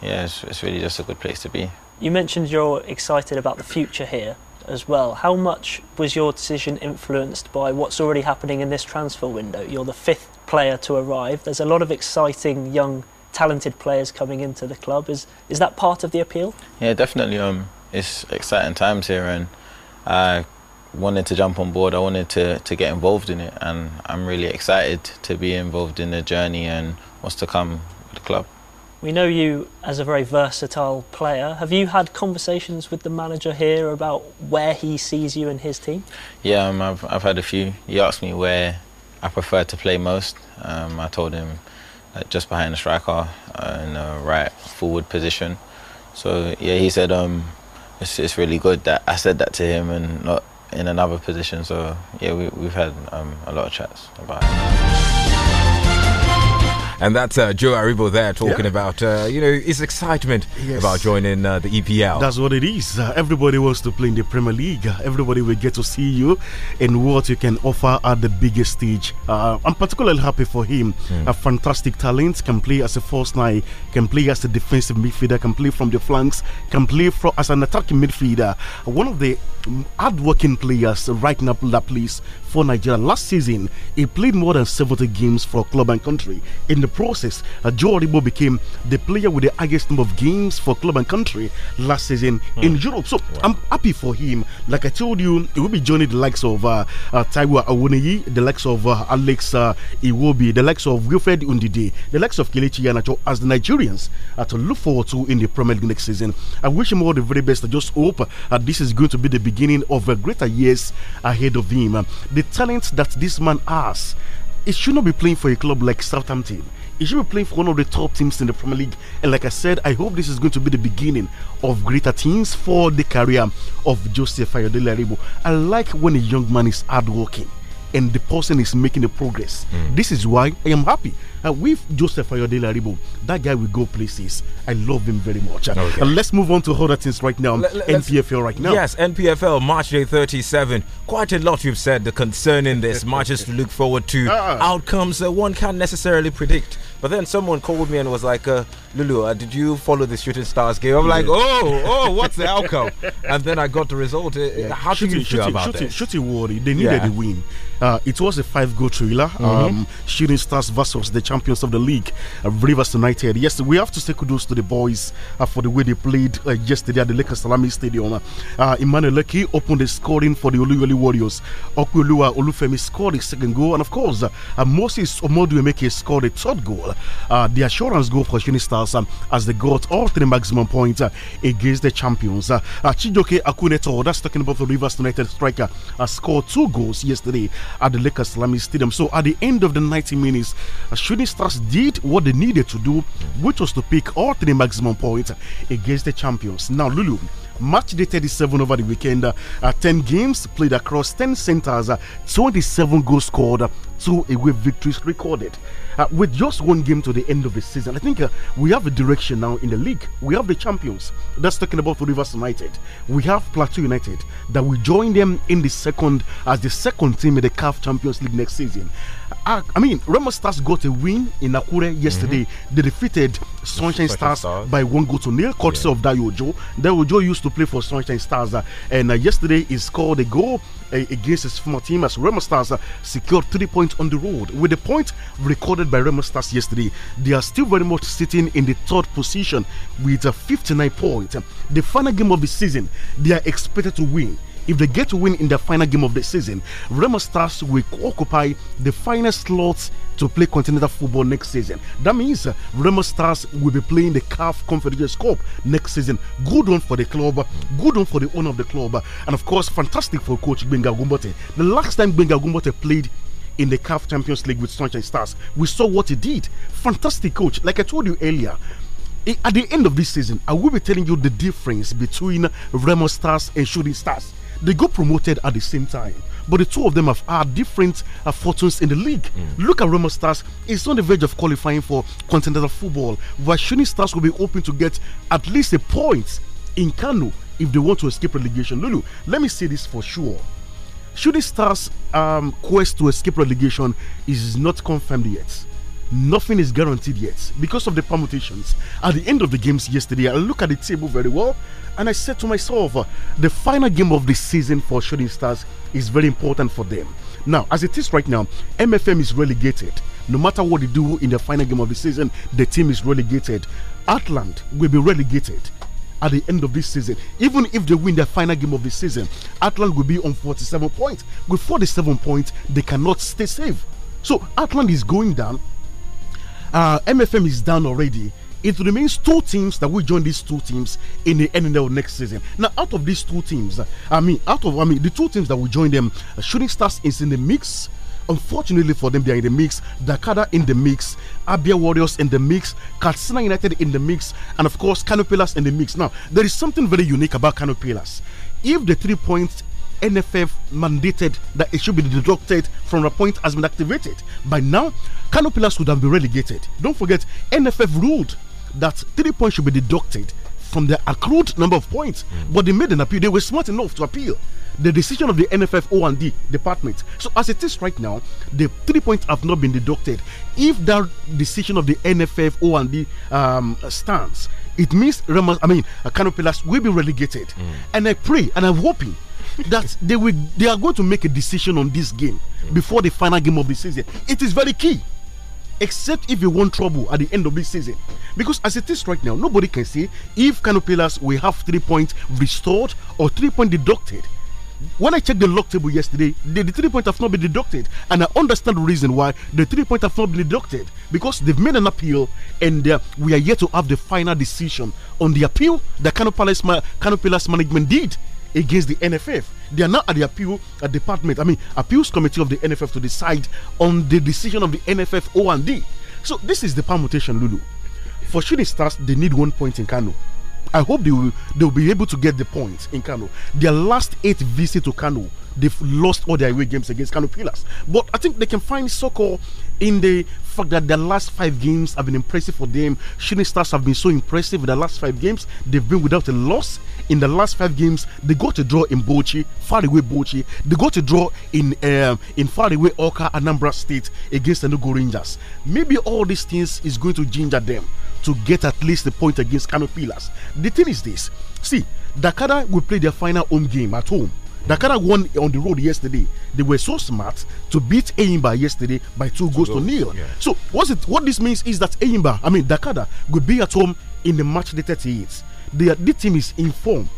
yeah, it's, it's really just a good place to be. You mentioned you're excited about the future here as well. How much was your decision influenced by what's already happening in this transfer window? You're the fifth player to arrive. There's a lot of exciting young talented players coming into the club. Is is that part of the appeal? Yeah, definitely. Um, it's exciting times here, and I uh, wanted to jump on board. I wanted to to get involved in it, and I'm really excited to be involved in the journey and what's to come with the club. We know you as a very versatile player. Have you had conversations with the manager here about where he sees you in his team? Yeah, um, I've, I've had a few. He asked me where I prefer to play most. Um, I told him uh, just behind the striker uh, in a right forward position. So yeah, he said um, it's, it's really good that I said that to him and not in another position. So yeah, we, have had um, a lot of chats about it. And that's uh, Joe Aribo there talking yeah. about, uh, you know, his excitement yes. about joining uh, the EPL. That's what it is. Uh, everybody wants to play in the Premier League. Uh, everybody will get to see you and what you can offer at the biggest stage. Uh, I'm particularly happy for him. Mm. A fantastic talent, can play as a false nine, can play as a defensive midfielder, can play from the flanks, can play as an attacking midfielder. One of the mm, hard-working players right now that plays for Nigeria. Last season, he played more than 70 games for club and country. In the process, uh, Joe Aribo became the player with the highest number of games for club and country last season in hmm. Europe. So wow. I'm happy for him. Like I told you, he will be joining the likes of uh, uh, Taiwo Awoniyi, the likes of uh, Alex uh, Iwobi, the likes of Wilfred Undide, the likes of Kelechi Yanacho as the Nigerians uh, to look forward to in the Premier League next season. I wish him all the very best. I just hope uh, this is going to be the beginning of uh, greater years ahead of him. Uh, the talent that this man has, it should not be playing for a club like Southampton. He should be playing for one of the top teams in the Premier League. And like I said, I hope this is going to be the beginning of greater things for the career of Joseph Ayodele Aribo. I like when a young man is hardworking and the person is making the progress. Mm. This is why I am happy and with Joseph Ayodele Aribo, that guy will go places. I love him very much. Okay. And let's move on to other things right now. Let, NPFL right now. Yes, NPFL March Day 37. Quite a lot you've said concerning this matches to look forward to. Uh -uh. Outcomes that one can't necessarily predict. But then someone called me and was like, uh, Lulu, uh, did you follow the Shooting Stars game? I'm yeah. like, oh, oh, what's the outcome? and then I got the result. Uh, yeah. How shooting, do you feel shooting, about shooting, Shooting they needed yeah. a win. Uh, it was a five-goal thriller. Mm -hmm. um, shooting Stars versus the champions of the league, uh, Rivers United. Yes, we have to say kudos to the boys uh, for the way they played yesterday at the Lakers Salami Stadium. Uh, Emmanuel Leki opened the scoring for the Oluyole Warriors. Okwilua Olufemi scored the second goal, and of course, Moses Omoduemeke scored the third goal uh, the assurance goal for Shooting Stars um, as they got all three maximum points uh, against the champions. Uh, uh, Chijoke Akuneto, that's talking about the Rivers United striker, uh, scored two goals yesterday at the Lakers Salami Stadium. So at the end of the 90 minutes, uh, Stars did what they needed to do, which was to pick all three maximum points uh, against the champions. Now, Lulu match day 37 over the weekend. Uh, uh 10 games played across 10 centers, uh, 27 goals scored, uh, two away victories recorded. Uh, with just one game to the end of the season, I think uh, we have a direction now in the league. We have the champions. That's talking about Rivers United. We have Plateau United that will join them in the second as the second team in the CAF Champions League next season. Uh, I mean, Remo Stars got a win in Akure yesterday. Mm -hmm. They defeated Sunshine Stars, Stars, by one goal to nil, courtesy yeah. of Dayojo. Dayojo used to play for Sunshine Stars, uh, and uh, yesterday he scored a goal against his former team as Remo Stars uh, secured three points on the road. With the point recorded by Remo Stars yesterday, they are still very much sitting in the third position with uh, 59 points. The final game of the season, they are expected to win. If they get to win in the final game of the season, Remo Stars will occupy the finest slots to play continental football next season. That means uh, Remo Stars will be playing the CAF Confederation Cup next season. Good one for the club, good one for the owner of the club, and of course, fantastic for coach Benga Gumbote. The last time Benga Gumbote played in the CAF Champions League with Sunshine Stars, we saw what he did. Fantastic coach. Like I told you earlier, at the end of this season, I will be telling you the difference between Remo Stars and Shooting Stars. They got promoted at the same time but the two of them have had different uh, fortunes in the league. Mm. Look at Roma Stars; it's on the verge of qualifying for continental football, While Shuni Stars will be hoping to get at least a point in Kano if they want to escape relegation. Lulu, let me say this for sure: Shooting Stars' um, quest to escape relegation is not confirmed yet nothing is guaranteed yet because of the permutations. At the end of the games yesterday, I looked at the table very well and I said to myself, uh, the final game of the season for Shooting Stars is very important for them. Now, as it is right now, MFM is relegated. No matter what they do in the final game of the season, the team is relegated. Atlant will be relegated at the end of this season. Even if they win their final game of the season, Atlant will be on 47 points. With 47 points, they cannot stay safe. So Atlant is going down uh, MFM is down already. It remains two teams that will join these two teams in the NNL next season. Now, out of these two teams, I mean, out of I mean, the two teams that will join them, uh, Shooting Stars is in the mix. Unfortunately for them, they are in the mix. Dakada in the mix. Abia Warriors in the mix. Katsina United in the mix. And of course, Canopilas in the mix. Now, there is something very unique about Canopilas. If the three points NFF mandated that it should be deducted from a point has been activated. By now, Kano Pillars would have been relegated. Don't forget, NFF ruled that three points should be deducted from the accrued number of points, mm. but they made an appeal. They were smart enough to appeal the decision of the NFF O&D department. So as it is right now, the three points have not been deducted. If that decision of the NFF O&D um, stands, it means I mean, uh, Canopilas will be relegated. Mm. And I pray and I'm hoping that they will they are going to make a decision on this game before the final game of the season. It is very key. Except if you want trouble at the end of this season. Because as it is right now, nobody can say if Canopilas will have three points restored or three points deducted when I checked the log table yesterday, the, the, three points have not been deducted, and I understand the reason why the three points have not been deducted because they've made an appeal, and uh, we are yet to have the final decision on the appeal that Canopilas, Canopilas management did against the NFF. They are now at the appeal uh, department, I mean, appeals committee of the NFF to decide on the decision of the NFF O and D. So this is the permutation, Lulu. For shooting stars, they need one point in Kano. I hope they will they will be able to get the points in Kano. Their last eight visits to Kano, they've lost all their away games against Kano Pillars. But I think they can find so-called in the fact that the last five games have been impressive for them. Shooting Stars have been so impressive in the last five games. They've been without a loss in the last five games. They got a draw in Bochi, far away Bochi. They got a draw in um, in far away Oka, Anambra State against the Nugu Rangers. Maybe all these things is going to ginger them to get at least a point against Kano Pillars. The thing is this: see, Dakada will play their final home game at home Dakar won on the road yesterday. They were so smart to beat Eimba yesterday by two, goals, to nil. Yeah. So what it what this means is that Eimba, I mean Dakar, will be at home in the match day 38. The, the team is informed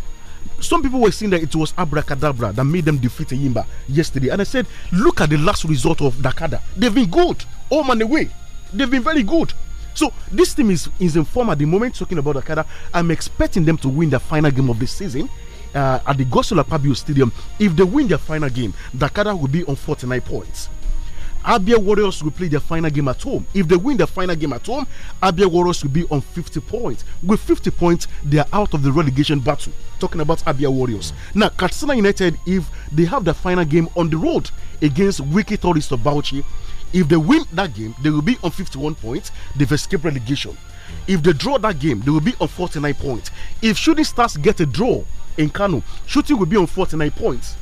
some people were saying that it was abracadabra that made them defeat Yimba yesterday. And I said, look at the last result of Dakada. They've been good, home and away. They've been very good. So this team is, is in form at the moment talking about Dakada. I'm expecting them to win the final game of the season uh, at the Gosola Pabio Stadium, if they win their final game, Dakada will be on 49 points. Abia Warriors will play their final game at home. If they win the final game at home, Abia Warriors will be on 50 points. With 50 points, they are out of the relegation battle. Talking about Abia Warriors. Now, Katsina United, if they have the final game on the road against Wiki Tourist of Bauchi, if they win that game, they will be on 51 points. They've escaped relegation. If they draw that game, they will be on 49 points. If Shooting Stars get a draw in Kano, shooting will be on 49 points.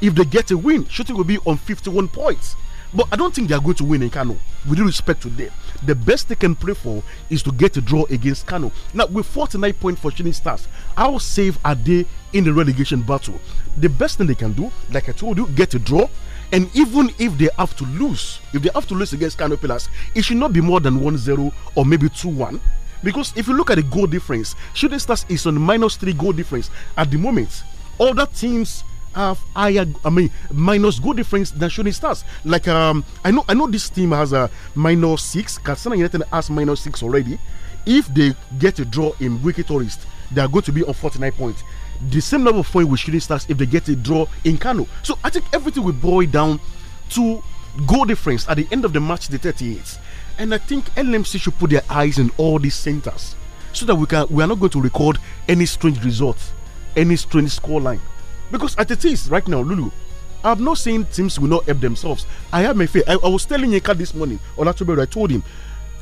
If they get a win, shooting will be on 51 points. But I don't think they are going to win in Kano. With due respect to them, the best they can pray for is to get a draw against Kano. Now, with 49 points for Shining Stars, how safe are they in the relegation battle? The best thing they can do, like I told you, get a draw. And even if they have to lose, if they have to lose against Kano Pillars, it should not be more than 1 0 or maybe 2 1 because if you look at the goal difference, Shooting Stars is on minus three goal difference at the moment. Other teams have higher, I mean, minus goal difference than Shooting Stars. Like um, I know, I know this team has a minus six. Katsina United has minus six already. If they get a draw in Wiki Tourist, they are going to be on 49 points. The same level of point with Shooting Stars if they get a draw in Kano. So I think everything will boil down to goal difference at the end of the match, the 38th. And I think LMC should put their eyes in all these centers so that we can we are not going to record any strange results, any strange scoreline. Because at the it is right now, Lulu, I've not seen teams will not help themselves. I have my faith. I, I was telling Yeka this morning on October, I told him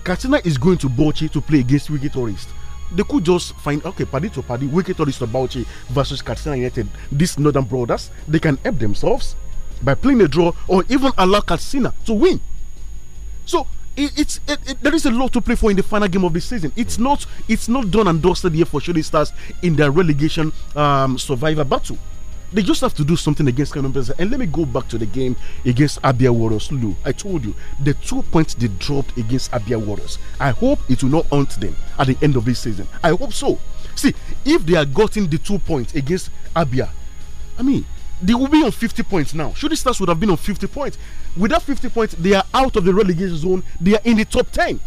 Katina is going to Bochi to play against Wiki Tourist. They could just find okay, party to party, Wiki Tourist to Bochi versus Katina United. These Northern Brothers, they can help themselves by playing a draw or even allow Katsina to win. So it, it's it, it, there is a lot to play for in the final game of the season. It's not it's not done and dusted here for Shooting Stars in their relegation um, survivor battle. They just have to do something against Canon Benza. And let me go back to the game against Abia Warriors. I told you the two points they dropped against Abia Warriors. I hope it will not haunt them at the end of this season. I hope so. See, if they are getting the two points against Abia, I mean, they will be on 50 points now. Shooting Stars would have been on 50 points. With that 50 points, they are out of the relegation zone. They are in the top 10.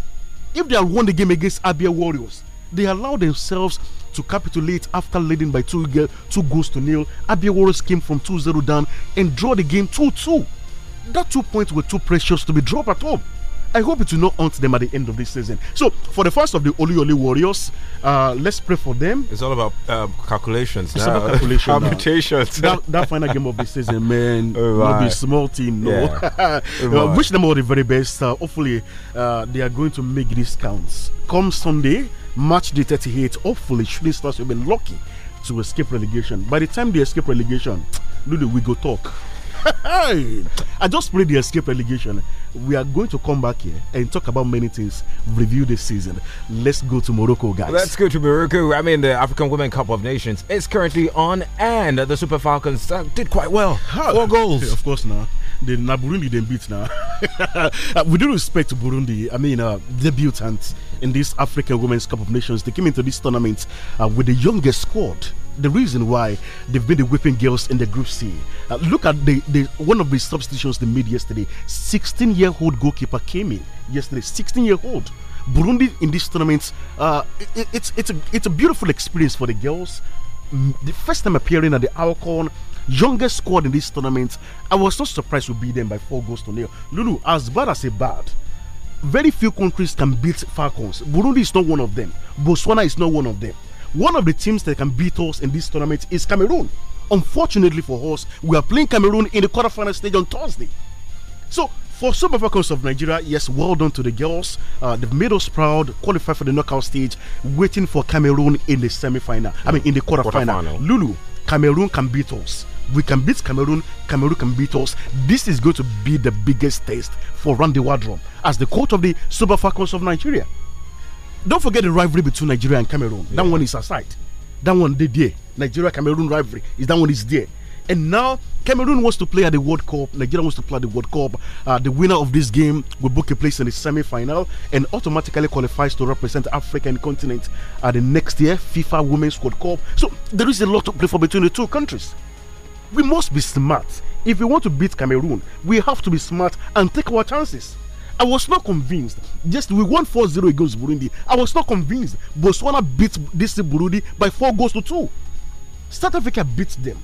If they had won the game against Abia Warriors, they allow themselves to capitulate after leading by two, two goals to nil. Abia Warriors came from 2 0 down and draw the game 2 2. That two points were too precious to be dropped at home. I hope it will not haunt them at the end of this season. So, for the first of the Oli Warriors, uh, let's pray for them. It's all about um, calculations it's now. About calculations Computations. that, that, final game of the season, man, oh, right. will be small team, no. Yeah. Oh, uh, wish them all the very best. Uh, hopefully, uh, they are going to make these counts. Come Sunday, March the 38th, hopefully, Shooting Stars will be lucky to escape relegation. By the time they escape relegation, Lulu, we go talk. I just played the escape allegation. We are going to come back here and talk about many things, review the season. Let's go to Morocco, guys. Let's go to Morocco. I mean, the African Women Cup of Nations is currently on, and the Super Falcons uh, did quite well. Four goals. Of course, now. The now Burundi they beat now. Uh, with due respect to Burundi, I mean, uh, debutants in this African Women's Cup of Nations, they came into this tournament uh, with the youngest squad the reason why they've been the whipping girls in the Group C. Uh, look at the, the one of the substitutions they made yesterday. 16-year-old goalkeeper came in yesterday. 16-year-old. Burundi in this tournament, uh, it, it's it's a it's a beautiful experience for the girls. Mm, the first time appearing at the Alcorn, youngest squad in this tournament. I was not surprised to beat them by four goals to nil. Lulu, as bad as a bad, very few countries can beat Falcons. Burundi is not one of them. Botswana is not one of them. One of the teams that can beat us in this tournament is Cameroon. Unfortunately for us, we are playing Cameroon in the quarterfinal stage on Thursday. So, for Super Falcons of Nigeria, yes, well done to the girls. Uh, they've made us proud, qualified for the knockout stage, waiting for Cameroon in the semi final. I mean, in the quarterfinal. Lulu, Cameroon can beat us. We can beat Cameroon, Cameroon can beat us. This is going to be the biggest test for Randy Wardrum as the coach of the Super Falcons of Nigeria don't forget the rivalry between Nigeria and Cameroon. Yeah. That one is aside. That one they there. Nigeria Cameroon rivalry is that one is there. And now Cameroon wants to play at the World Cup. Nigeria wants to play at the World Cup. Uh, the winner of this game will book a place in the semi-final and automatically qualifies to represent African continent at the next year FIFA Women's World Cup. So there is a lot to play for between the two countries. We must be smart. If we want to beat Cameroon, we have to be smart and take our chances. I was not convinced. Just we won 4 0 against Burundi. I was not convinced. Botswana beat this Burundi by 4 goals to 2. South Africa beat them.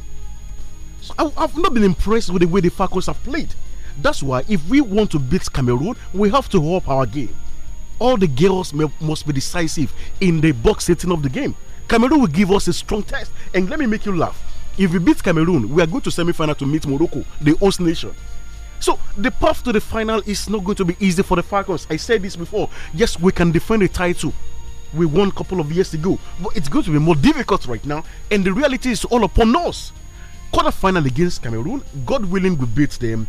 So I, have not been impressed with the way the Falcons have played. That's why if we want to beat Cameroon, we have to up our game. All the girls may, must be decisive in the box setting of the game. Cameroon will give us a strong test. And let me make you laugh. If we beat Cameroon, we are going to semi-final to meet Morocco, the host nation. So the path to the final is not going to be easy for the Falcons. I said this before. Yes, we can defend the title. We won a couple of years ago, but it's going to be more difficult right now. And the reality is all upon us. Quarter final against Cameroon. God willing, we beat them.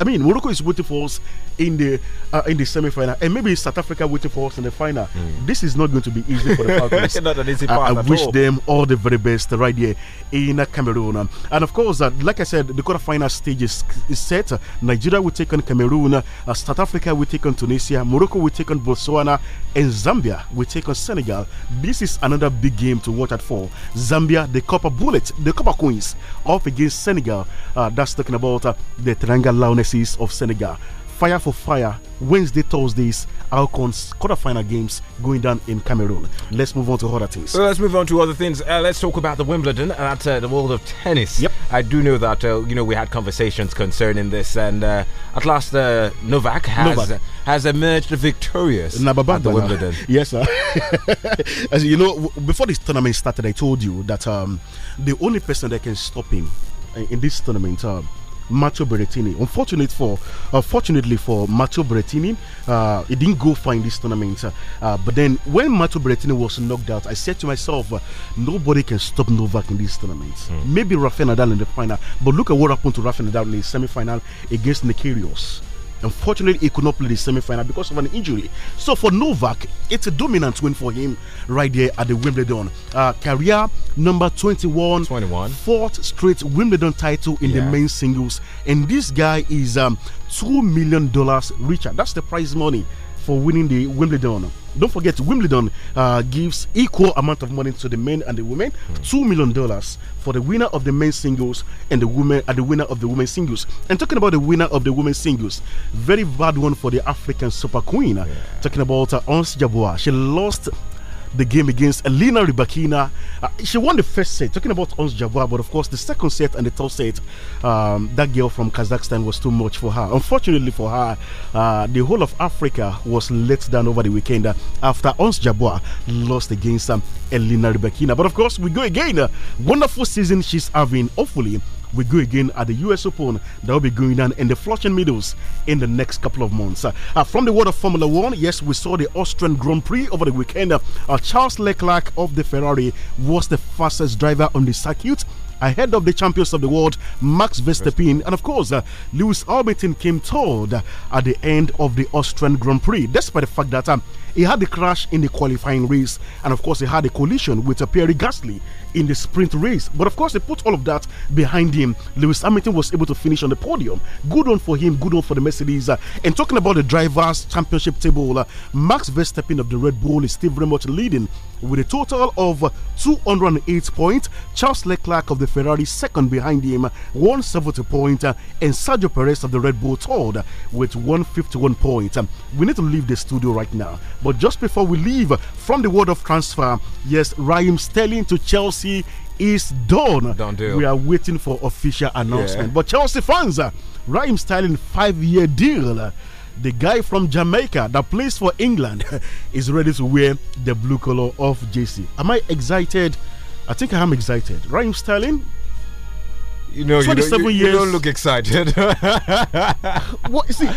I mean, Morocco is waiting for us in the uh, in the semi-final, and maybe South Africa waiting for us in the final. Mm. This is not going to be easy for the Falcons. not an easy path I, I wish all. them all the very best right here in Cameroon, and of course, uh, like I said, the final stage is, is set. Nigeria will take on Cameroon, uh, South Africa will take on Tunisia, Morocco will take on Botswana, and Zambia will take on Senegal. This is another big game to watch out for. Zambia, the Copper Bullets, the Copper Queens, off against Senegal. Uh, that's talking about uh, the Triangle. Lionesses of Senegal. Fire for fire, Wednesday, Thursdays, Alcon's quarterfinal games going down in Cameroon. Let's move on to other things. Well, let's move on to other things. Uh, let's talk about the Wimbledon and uh, the world of tennis. Yep. I do know that uh, you know we had conversations concerning this, and uh, at last uh, Novak has Novak. has emerged victorious at the Wimbledon. yes, sir. As you know, before this tournament started, I told you that um, the only person that can stop him uh, in this tournament. Matteo Berrettini. Unfortunately for, uh, fortunately for Matteo Berrettini, uh, it didn't go in this tournament. Uh, but then when Matteo Berrettini was knocked out, I said to myself, uh, nobody can stop Novak in this tournament. Mm. Maybe Rafael Nadal in the final, but look at what happened to Rafael Nadal in the semi-final against Nikirios. Unfortunately, he could not play the semi final because of an injury. So for Novak, it's a dominant win for him right there at the Wimbledon. Uh, career number 21, 21. fourth straight Wimbledon title in yeah. the main singles. And this guy is um, $2 million richer. That's the prize money for winning the Wimbledon. Don't forget, Wimbledon uh, gives equal amount of money to the men and the women, mm. two million dollars for the winner of the men's singles and the women and the winner of the women's singles. And talking about the winner of the women's singles, very bad one for the African Super Queen. Yeah. Talking about uh, Ons Jabua, she lost the game against Elena Rybakina. Uh, she won the first set, talking about Ons Jabua, but of course, the second set and the third set, um, that girl from Kazakhstan was too much for her. Unfortunately for her, uh, the whole of Africa was let down over the weekend uh, after Ons Jabua lost against um, Elena Rybakina. But of course, we go again. Uh, wonderful season she's having. Hopefully, we go again at the US Open that will be going down in the Flushing Meadows in the next couple of months. Uh, uh, from the world of Formula One, yes, we saw the Austrian Grand Prix over the weekend. Uh, uh, Charles Leclerc of the Ferrari was the fastest driver on the circuit ahead of the champions of the world, Max Verstappen, and of course, uh, Lewis Hamilton came third at the end of the Austrian Grand Prix, despite the fact that um, he had the crash in the qualifying race, and of course, he had a collision with Pierre Gasly in the sprint race. But of course, he put all of that behind him. Lewis Hamilton was able to finish on the podium. Good on for him, good on for the Mercedes. Uh, and talking about the drivers' championship table, uh, Max Verstappen of the Red Bull is still very much leading with a total of uh, 208 points. Charles Leclerc of the Ferrari second behind him, uh, 170 points. Uh, and Sergio Perez of the Red Bull third with 151 points. Um, we need to leave the studio right now. But but just before we leave from the world of transfer, yes, Raheem Sterling to Chelsea is done. We are waiting for official announcement. Yeah. But Chelsea fans, uh, Raheem Sterling five-year deal. Uh, the guy from Jamaica that plays for England is ready to wear the blue color of JC. Am I excited? I think I am excited. Ryan Sterling you know, you don't, you, you don't, look excited. what see?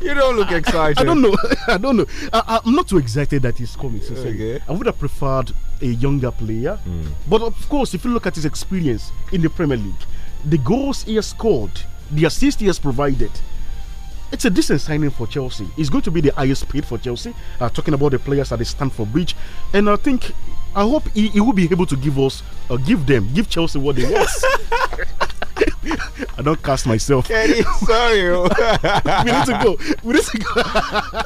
you don't look excited. I, I don't know. I don't know. I, am not too excited that he's coming. Okay. I would have preferred a younger player, mm. but of course, if you look at his experience in the Premier League, the goals he has scored, the assist he has provided, it's a decent signing for Chelsea. He's going to be the highest paid for Chelsea. Uh, talking about the players at the Stamford Bridge, and I think I hope he, he will be able to give us, uh, give them, give Chelsea what they want. I don't cast myself. Kenny, sorry. Oh. we need to go. We need to go.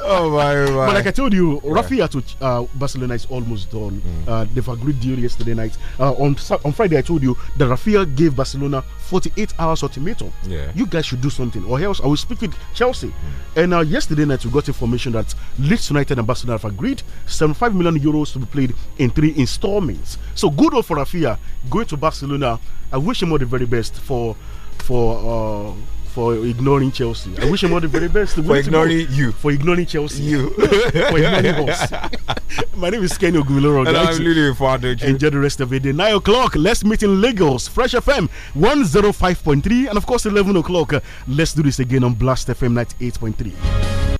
oh my, oh, But like I told you, yeah. Rafi to uh, Barcelona is almost done. Mm. Uh, they've agreed deal yesterday night. Uh, on on Friday, I told you that Rafia gave Barcelona 48 hours ultimatum. Yeah. You guys should do something, or else I will speak with Chelsea. Mm. And uh, yesterday night, we got information that Leeds United and Barcelona have agreed 75 million euros to be played in three installments. So good old for Rafi going to Barcelona I wish him all the very best for for uh, for ignoring Chelsea. I wish him all the very best. for ignoring you. For ignoring Chelsea. You. for ignoring us. My name is Kenny Ogumiloro. And I'm Lily Fadoji. Enjoy the rest of the day. 9 o'clock, let's meet in Lagos. Fresh FM 105.3. And of course, 11 o'clock, uh, let's do this again on Blast FM 98.3.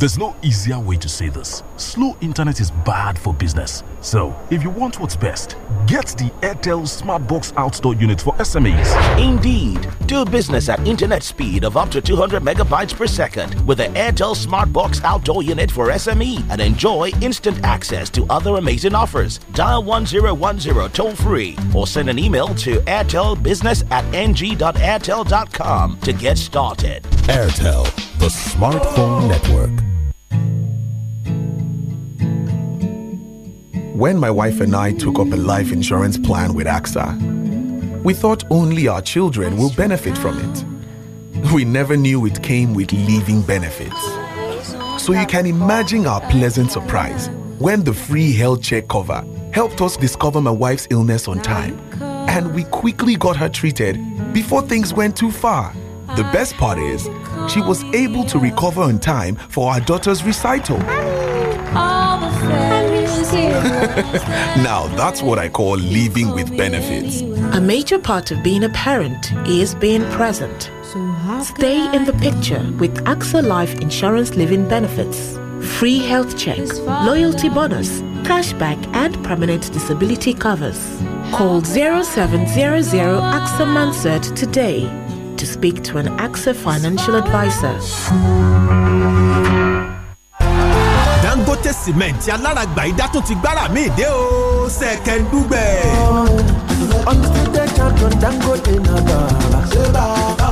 there's no easier way to say this. Slow internet is bad for business. So, if you want what's best, get the Airtel Smartbox outdoor unit for SMEs. Indeed, do business at internet speed of up to 200 megabytes per second with the Airtel Smartbox outdoor unit for SME and enjoy instant access to other amazing offers. Dial 1010 toll free or send an email to airtelbusiness at ng.airtel.com to get started. Airtel the Smartphone Network. When my wife and I took up a life insurance plan with AXA, we thought only our children will benefit from it. We never knew it came with living benefits. So you can imagine our pleasant surprise when the free health check cover helped us discover my wife's illness on time. And we quickly got her treated before things went too far. The best part is, she was able to recover in time for our daughter's recital. now, that's what I call living with benefits. A major part of being a parent is being present. Stay in the picture with AXA Life Insurance Living Benefits. Free health check, loyalty bonus, cashback, and permanent disability covers. Call 0700 AXA Mansert today to speak to an AXA financial advisor. Dangote cement aláràgbà idá tún ti gbára mi dé o ṣẹ̀kẹ̀ndúgbẹ̀. ọ̀nà tẹ́tẹ́ kan dangote náà bàbá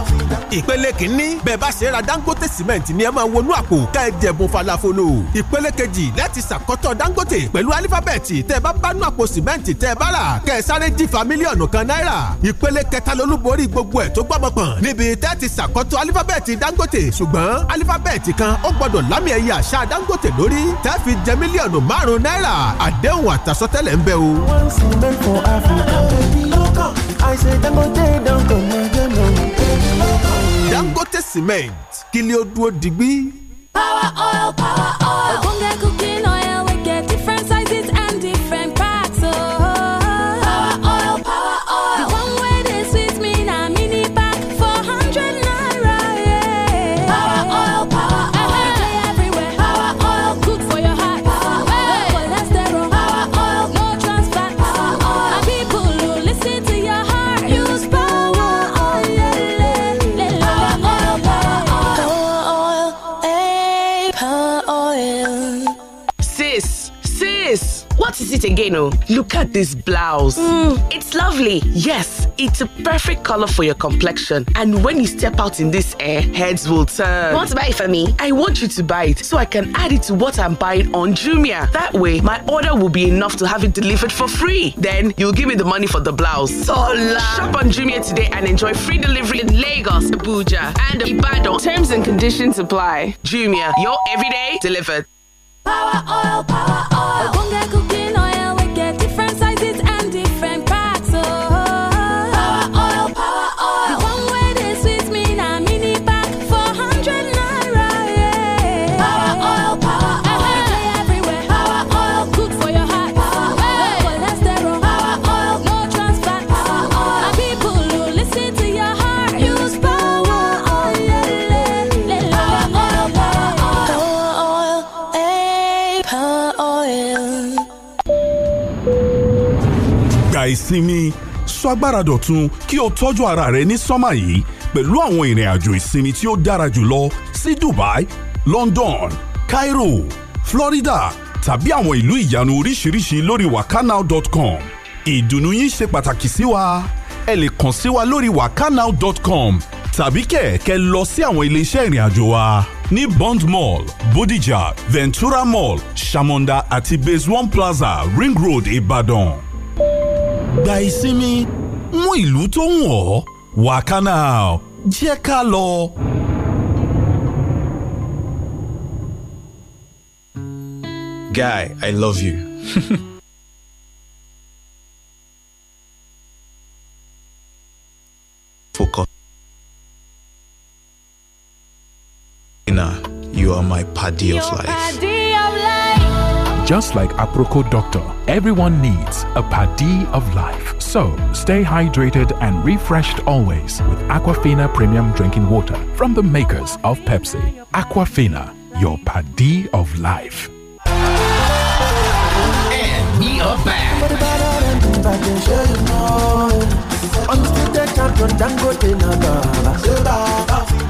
ìpele kìíní bẹ́ẹ̀ bá ṣe ra dangote cement ni ẹ máa wọnú àpò tẹ́ ẹ jẹ̀bùn falafolo ìpele kejì láti ṣàkọ́tọ̀ dangote pẹ̀lú alifábẹ́ẹ̀tì tẹ́ ẹ bá bánú àpò cement tẹ́ ẹ bá rà kẹ́ ẹ sáré jìfà mílíọ̀nù kan náírà ìpele kẹta lolúborí gbogbo ẹ̀ tó gbọ́mọ pọ̀n níbi tẹ́ ti ṣàkọ́tọ̀ alifábẹ́ẹ̀tì dangote ṣùgbọ́n alifábẹ́ẹ̀tì kan ó gbọ́dọ̀ lámì ẹ̀yẹ one cement for Africa. I say Dangote don come. Dangote cement kí lè ó dúró digbí. power oil power oil ògùn gẹ́gùn again, oh, look at this blouse. Mm, it's lovely. Yes, it's a perfect color for your complexion. And when you step out in this air, heads will turn. Want to buy it for me? I want you to buy it so I can add it to what I'm buying on Jumia. That way, my order will be enough to have it delivered for free. Then you'll give me the money for the blouse. Sola. Shop on Jumia today and enjoy free delivery in Lagos, Abuja, and Ibadan. Terms and conditions apply. Jumia, your everyday delivered. Power oil, power oil. ìsinmi sọ agbára dọ̀tun kí o tọ́jú ara rẹ ní sọ́mà yìí pẹ̀lú àwọn ìrìn àjò ìsinmi tí ó dára jùlọ sí Dubai, London, Cairo, Florida tàbí àwọn ìlú ìyanu oríṣiríṣi lórí wakanow.com ìdùnnú yín ṣe pàtàkì sí wa ẹ lè kàn sí wa lórí wakanow.com tàbí kẹ̀kẹ́ lọ sí àwọn iléeṣẹ́ ìrìn àjò wa ní Bond Mall, Bodija, Ventura Mall, Shamonda àti Base One Plaza, Ring Road, Ìbàdàn. E gba ìsinmi mú ìlú tó ń wọ̀ wá canal jẹ́ ká lọ. Guy, I love you. Focus. You are my paddy of life. Just like Aproco Doctor, everyone needs a Padi of life. So stay hydrated and refreshed always with Aquafina Premium Drinking Water from the makers of Pepsi. Aquafina, your Padi of life. And we are back.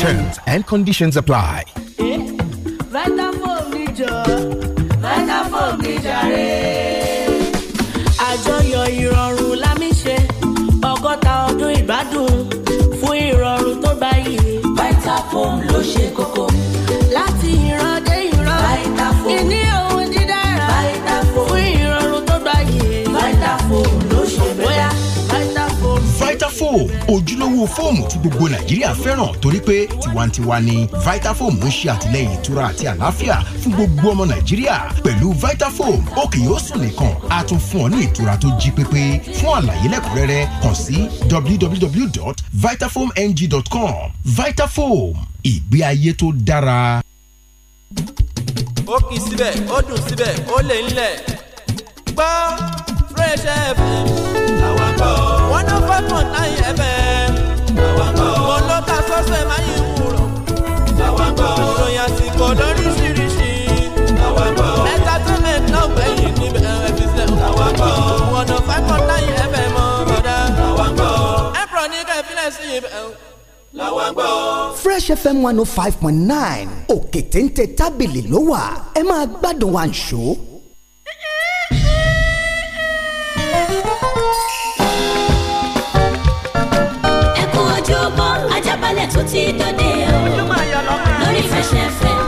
Terms and conditions apply. àjọyọ̀ ìrọ̀rùn lámì ṣe ọgọ́ta ọdún ìgbádùn fún ìrọ̀rùn tó báyìí. vitafoam ló ṣe kókó. ojúlówó fóòmù tí gbogbo nàìjíríà fẹ́ràn torí pé tiwantiwa ni vitafoam ń ṣe àtìlẹ́yìn ìtura àti àlàáfíà fún gbogbo ọmọ nàìjíríà pẹ̀lú vitafoam ó kì yóò sùn nìkan a tún fún ọ ní ìtura tó jí pépé fún àlàyé lẹ́kùnrẹ́rẹ́ kàn sí www.vitafoamng.com vitafoam ìgbé ayé tó dára. ó kì í síbẹ̀ ó dùn síbẹ̀ ó lè ń lẹ̀ gbọ́ fresh fm. àwọn one oh five point nine fm. mo lọ ka sọ́sẹ̀ máa yí wúrọ̀. ìròyìn àsìkò lóríṣiríṣi. àwọn náà gbẹ̀yìn níbẹ̀ ẹ̀fí sẹ́. àwọn one oh five point nine fm ọ̀bọ̀dá. àwọn kọ́. ẹ̀pọ̀ ká ìfilẹ̀ sí ibẹ̀ fresh fm one oh five point nine òkè téńté tábìlì ló wà ẹ máa gbádùn wa ń ṣó. tún ti dòde o lórí Fresh FM.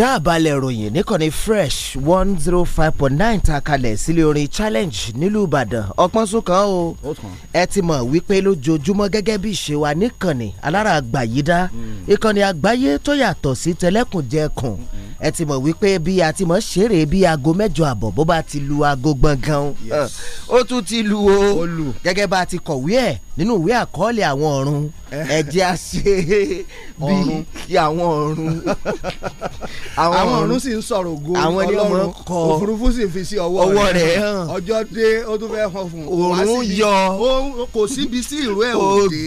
àjà àbálẹ̀ ìròyìn níkànnì fresh one zero oh five point nine ta kalẹ̀ sílé orin challenge nílùú ìbàdàn ọpọ́n sún o ẹ ti mọ̀ wípé lójoojúmọ́ gẹ́gẹ́ bí ìṣe wa níkànnì alára àgbàyídá hmm. ìkànnì àgbáyé tó yàtọ̀ sí tẹlẹ́kùnjẹkùn hmm. ẹ ti mọ̀ wípé bí a ti mọ̀ ṣeré bí aago mẹ́jọ àbọ̀ bó bá ti lu aago gbọ̀ngàn ó tún ti lu o gẹ́gẹ́ bá a ti kọ̀wé ẹ̀ nínú ìwé àkọọ́lẹ̀ àwọn ọ̀run ẹ̀jẹ̀ àṣẹ ọ̀run kí àwọn ọ̀run. àwọn ọ̀run sì ń sọ̀rọ̀ ògo ọlọ́run òfurufú sì fi sí ọwọ́ rẹ̀ hàn dé ó tún fẹ́ hàn fún un. yọ kò síbi sí ìró ẹ̀ oh òde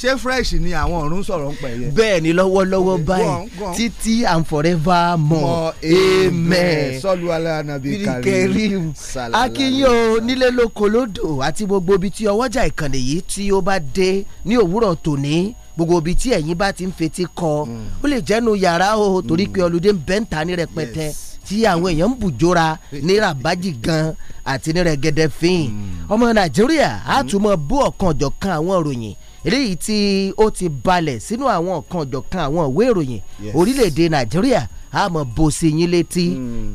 ṣé fresh ni àwọn ọ̀run sọ̀rọ̀ ń pẹ̀ yẹn. bẹ́ẹ̀ ni lọ́wọ́lọ́wọ́ báyìí títí and forever more amen. sọlù alanabi karim salala. akínyìn o lóko lódò àti gbogbo ibi tí ọwọ́jà ìkànnì yìí tí ó bá dé ní òwúrọ̀ tòní gbogbo ibi tí ẹ̀yin bá ti ń fetí kọ mm. ó lè jẹ́nu yàrá o torí mm. pé ọlùdé ń bẹ́ńtà ní rẹpẹtẹ tí àwọn èèyàn ń bùjọra ní rabaji gan àti ní rẹgẹdẹ fín mm. ọmọ nàìjíríà á tún mọ bú ọ̀kan ọ̀jọ̀kan àwọn òròyìn eléyìí tí ó ti balẹ̀ sínú àwọn ọ̀kan ọ̀jọ̀kan àwọn ìwé ìròyìn orílẹ̀-èdè nàìjíríà á mọ bó sí yín létí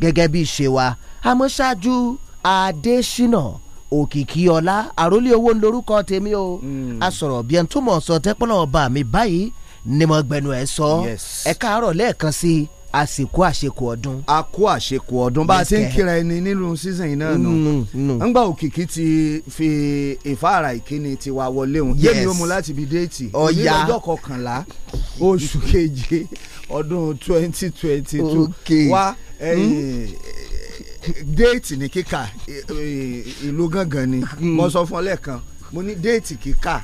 gẹ́gẹ́ bí ṣe wa àmọ́ ṣáájú Adésínà òkìkí ọlá àròlé owó ń lorúkọ tèmi o hmm. a sọ̀rọ̀ bí ẹni tó mọ̀ sọ tẹ́pọ́nà ọba mi báyìí ni mo gbẹnu ẹ sọ ẹ káàárọ̀ lẹ́ẹ̀kan sí i àsìkò àṣekù ọdún. a kó àṣekù ọdún bá a ti ń kíra ẹni nílùú season yìí náà nù. ńgbà òkìkí ti fi ìfáàrà ìkíni ti wá wọlé òun. yẹ́n mi ò mú láti bi déètì. ọ̀ya onílọ́jọ́ kọkànlá oṣù keje ọdún twenty twenty two wá hmm? déètì ní kíkà ìlú gangan ni hmm. mo sọ fún ọ lẹ́ẹ̀kan mo ní déètì kíkà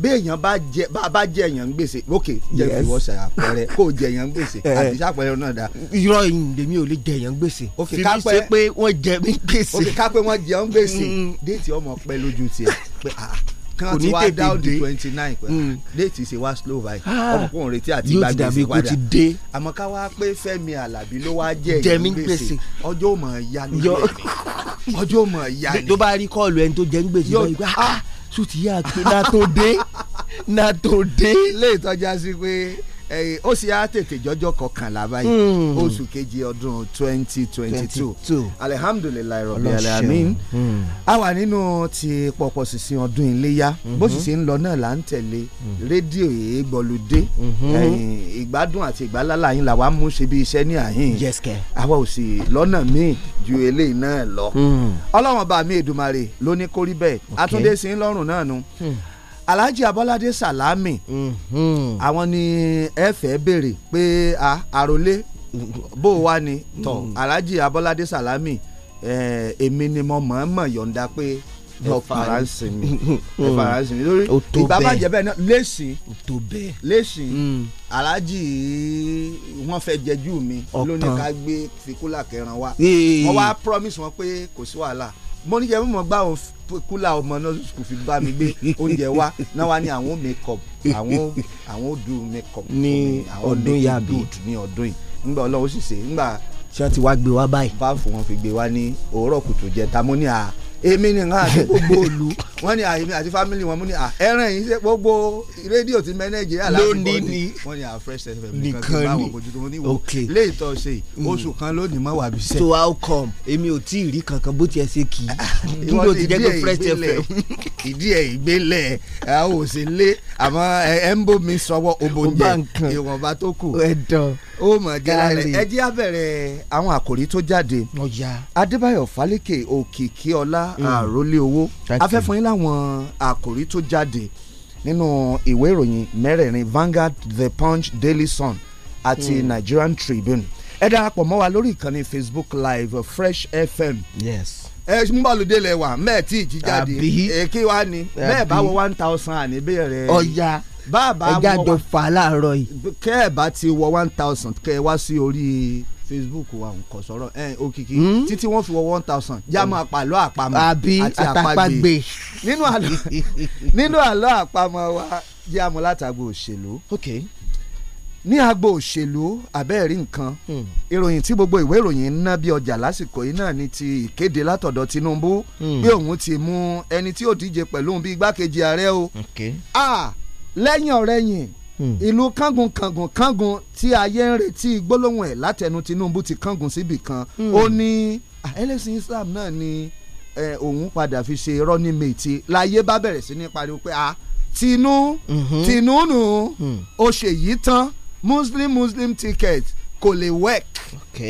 béèyàn bá jẹ bá jẹ èèyàn gbèsè òkè jẹ ìwọ ṣàpẹrẹ kó jẹ èèyàn gbèsè àti ṣàpẹrẹ náà dá. irọ́ ìyìn lèmi ò lè jẹ èèyàn gbèsè fi mí ṣe pé wọ́n jẹ mí gbèsè. òkè ká pé wọ́n jẹ ọ́n gbèsè hmm. déètì ọmọ pẹ́ lójú tiẹ̀ pé ah kò ní tètè dé kò ní tètè dé twenty nine hmm. ah, déètì ṣe wá slow báyìí ah, ọmọkùnrin retí àti gbàgbé ṣe padà àmọ́ ká wá pé Fẹ́mi Àlàbí ló wá jẹ́ ìjẹ́mi gbèsè ọjọ́ ò mọ̀ ya ni ọjọ́ mọ̀ ya ni. tó bá rí kọ́ọ̀lù ẹni tó jẹ́ ń gbèsè lọ́yìn ah! pé ah sùtìyà pé náà tó dé náà tó dé. lè tọ́já sí pé ó sì á tètè jọjọ́ kọkànlá báyìí hmm. oṣù kejì ọdún twenty twenty two alihamudulilayi rọ̀bì alamin hmm. a wà nínú ti pọ̀pọ̀ sísìn ọdún iléyà bó sì mhm. ṣe ń lọ náà là ń tẹ̀lé hmm. rédíò ìgbọ̀lùdé mhm. ìgbádùn àti ìgbálálà yín làwa mú ṣe bí iṣẹ́ ní àhín àwa ò sì lọ́nà míì ju eléyìí náà lọ ọlọ́wọ́n bá mi Èdùmàrè ló ní kórí bẹ́ẹ̀ Àtúndé sí ń lọ́rùn náà nu. Hmm alhaji abolade salami mhm. àwọn ni ẹ fẹ́ béèrè pé àròlé bó o wá ni mm. tọ alhaji abolade salami èmi ni mo mọ̀ ọ́n mọ̀ yọ̀ǹda pé ẹfaransi mi ẹfaransi mm. mi lórí ìbábàjẹ́ bẹ́ẹ̀ náà lẹ́sì lẹ́sì mm. aláàjì wọ́n fẹ́ jẹjú mi lónìí ká gbé fikula kẹran wa wọ́n wá promise wọn pé kò sí wàhálà mo ní jẹ́ mímọ́ gbá òun kúlà ọmọ nursery school fi bá mi gbé oúnjẹ wá náà wá ní àwọn makeup àwọn àwọn do makeup ní ọdún yàbí ní ọdún yìí ńgbà ọlọ́run sì ṣe ńgbà. ṣé ti wá gbé wá báyìí. báàfù wọn fi gbé wá ní òwúrọ̀ kùtù jẹta mo ní èmi nìkan àti gbogbo òlu wọ́n ní àyèmí àti family wọn mú ní ẹran yìí ṣe gbogbo rédíò ti mẹ́ nàìjíríà lónìí ni wọ́n ní fresh fm nìkan ní ok léyìí tó ṣe mm. oṣù kan lónìí mọ́ wà bí sẹ́. so how come èmi ò tí ì rí kankan bó tiẹ̀ ṣe kì í dúró ah, ti jẹ́ pé fresh fm. ìdí ẹ̀ ìgbélẹ̀ a ò ṣe lé àmọ́ ẹ ń bó mi sọwọ́ obonjẹ ìwọ̀nba tó kù ó mọ̀ gẹ́gẹ́ ẹ jẹ́ abẹ́rẹ́ àwọn àkòrí tó jáde Adébáyọ̀ Fálékè Òkìkíọlá mm. Àrólé Owó afẹ́fún lá láwọn àkòrí tó jáde nínú ìwé ìròyìn mẹ́rẹ̀ẹ̀rin Vanguard The Punch Daily Sun àti mm. Nigerian Tribune ẹ darapọ̀ mọ́ wa lórí ìkànnì Facebook Live Fresh FM. Yes ẹ múbalùdé lẹ wà mẹ́ẹ̀ tí ì jí jáde èké wa ni mẹ́ẹ̀ bá wọ one thousand àní bẹ̀rẹ̀ ọ̀ya bàbá wọ ẹ̀já jọ fà á láàárọ̀ yìí kẹ́ ẹ̀ bá ti wọ one thousand kẹ́ ẹ wá sí orí facebook wa nǹkan sọ̀rọ̀ ẹ̀ òkìkí hmm? títí wọ́n fi wọ one thousand já máa pàlọ́ àpamọ́ àbí àtàpàgbè nínú àlọ́ àpamọ́ wa jẹ́ látàgbò òṣèlú ní agbo òṣèlú abẹ́ẹ̀rí nǹkan hmm. ìròyìn tí gbogbo ìwé ìròyìn ń ná bí ọjà lásìkò yìí náà ni ti ìkéde látọ̀dọ̀ Tinubu pé hmm. òun ti mú ẹni tí ó díje pẹ̀lú bíi igbákejì ààrẹ o lẹ́yìn ọ̀rẹ́yìn Hmm. ìlú kángun kángun kángun tí ayé ń retí gbólóhùn ẹ̀ látẹnu Tinubu ti kángun síbì kan hmm. ó ní ẹlẹ́sìn Islam náà ni òun padà fi ṣe running mate láyé bá bẹ̀rẹ̀ sí ní pariwo pé a tinú mhm. tinú nù hmm. ó ṣe yìí tán Muslim Muslim ticket kò lè work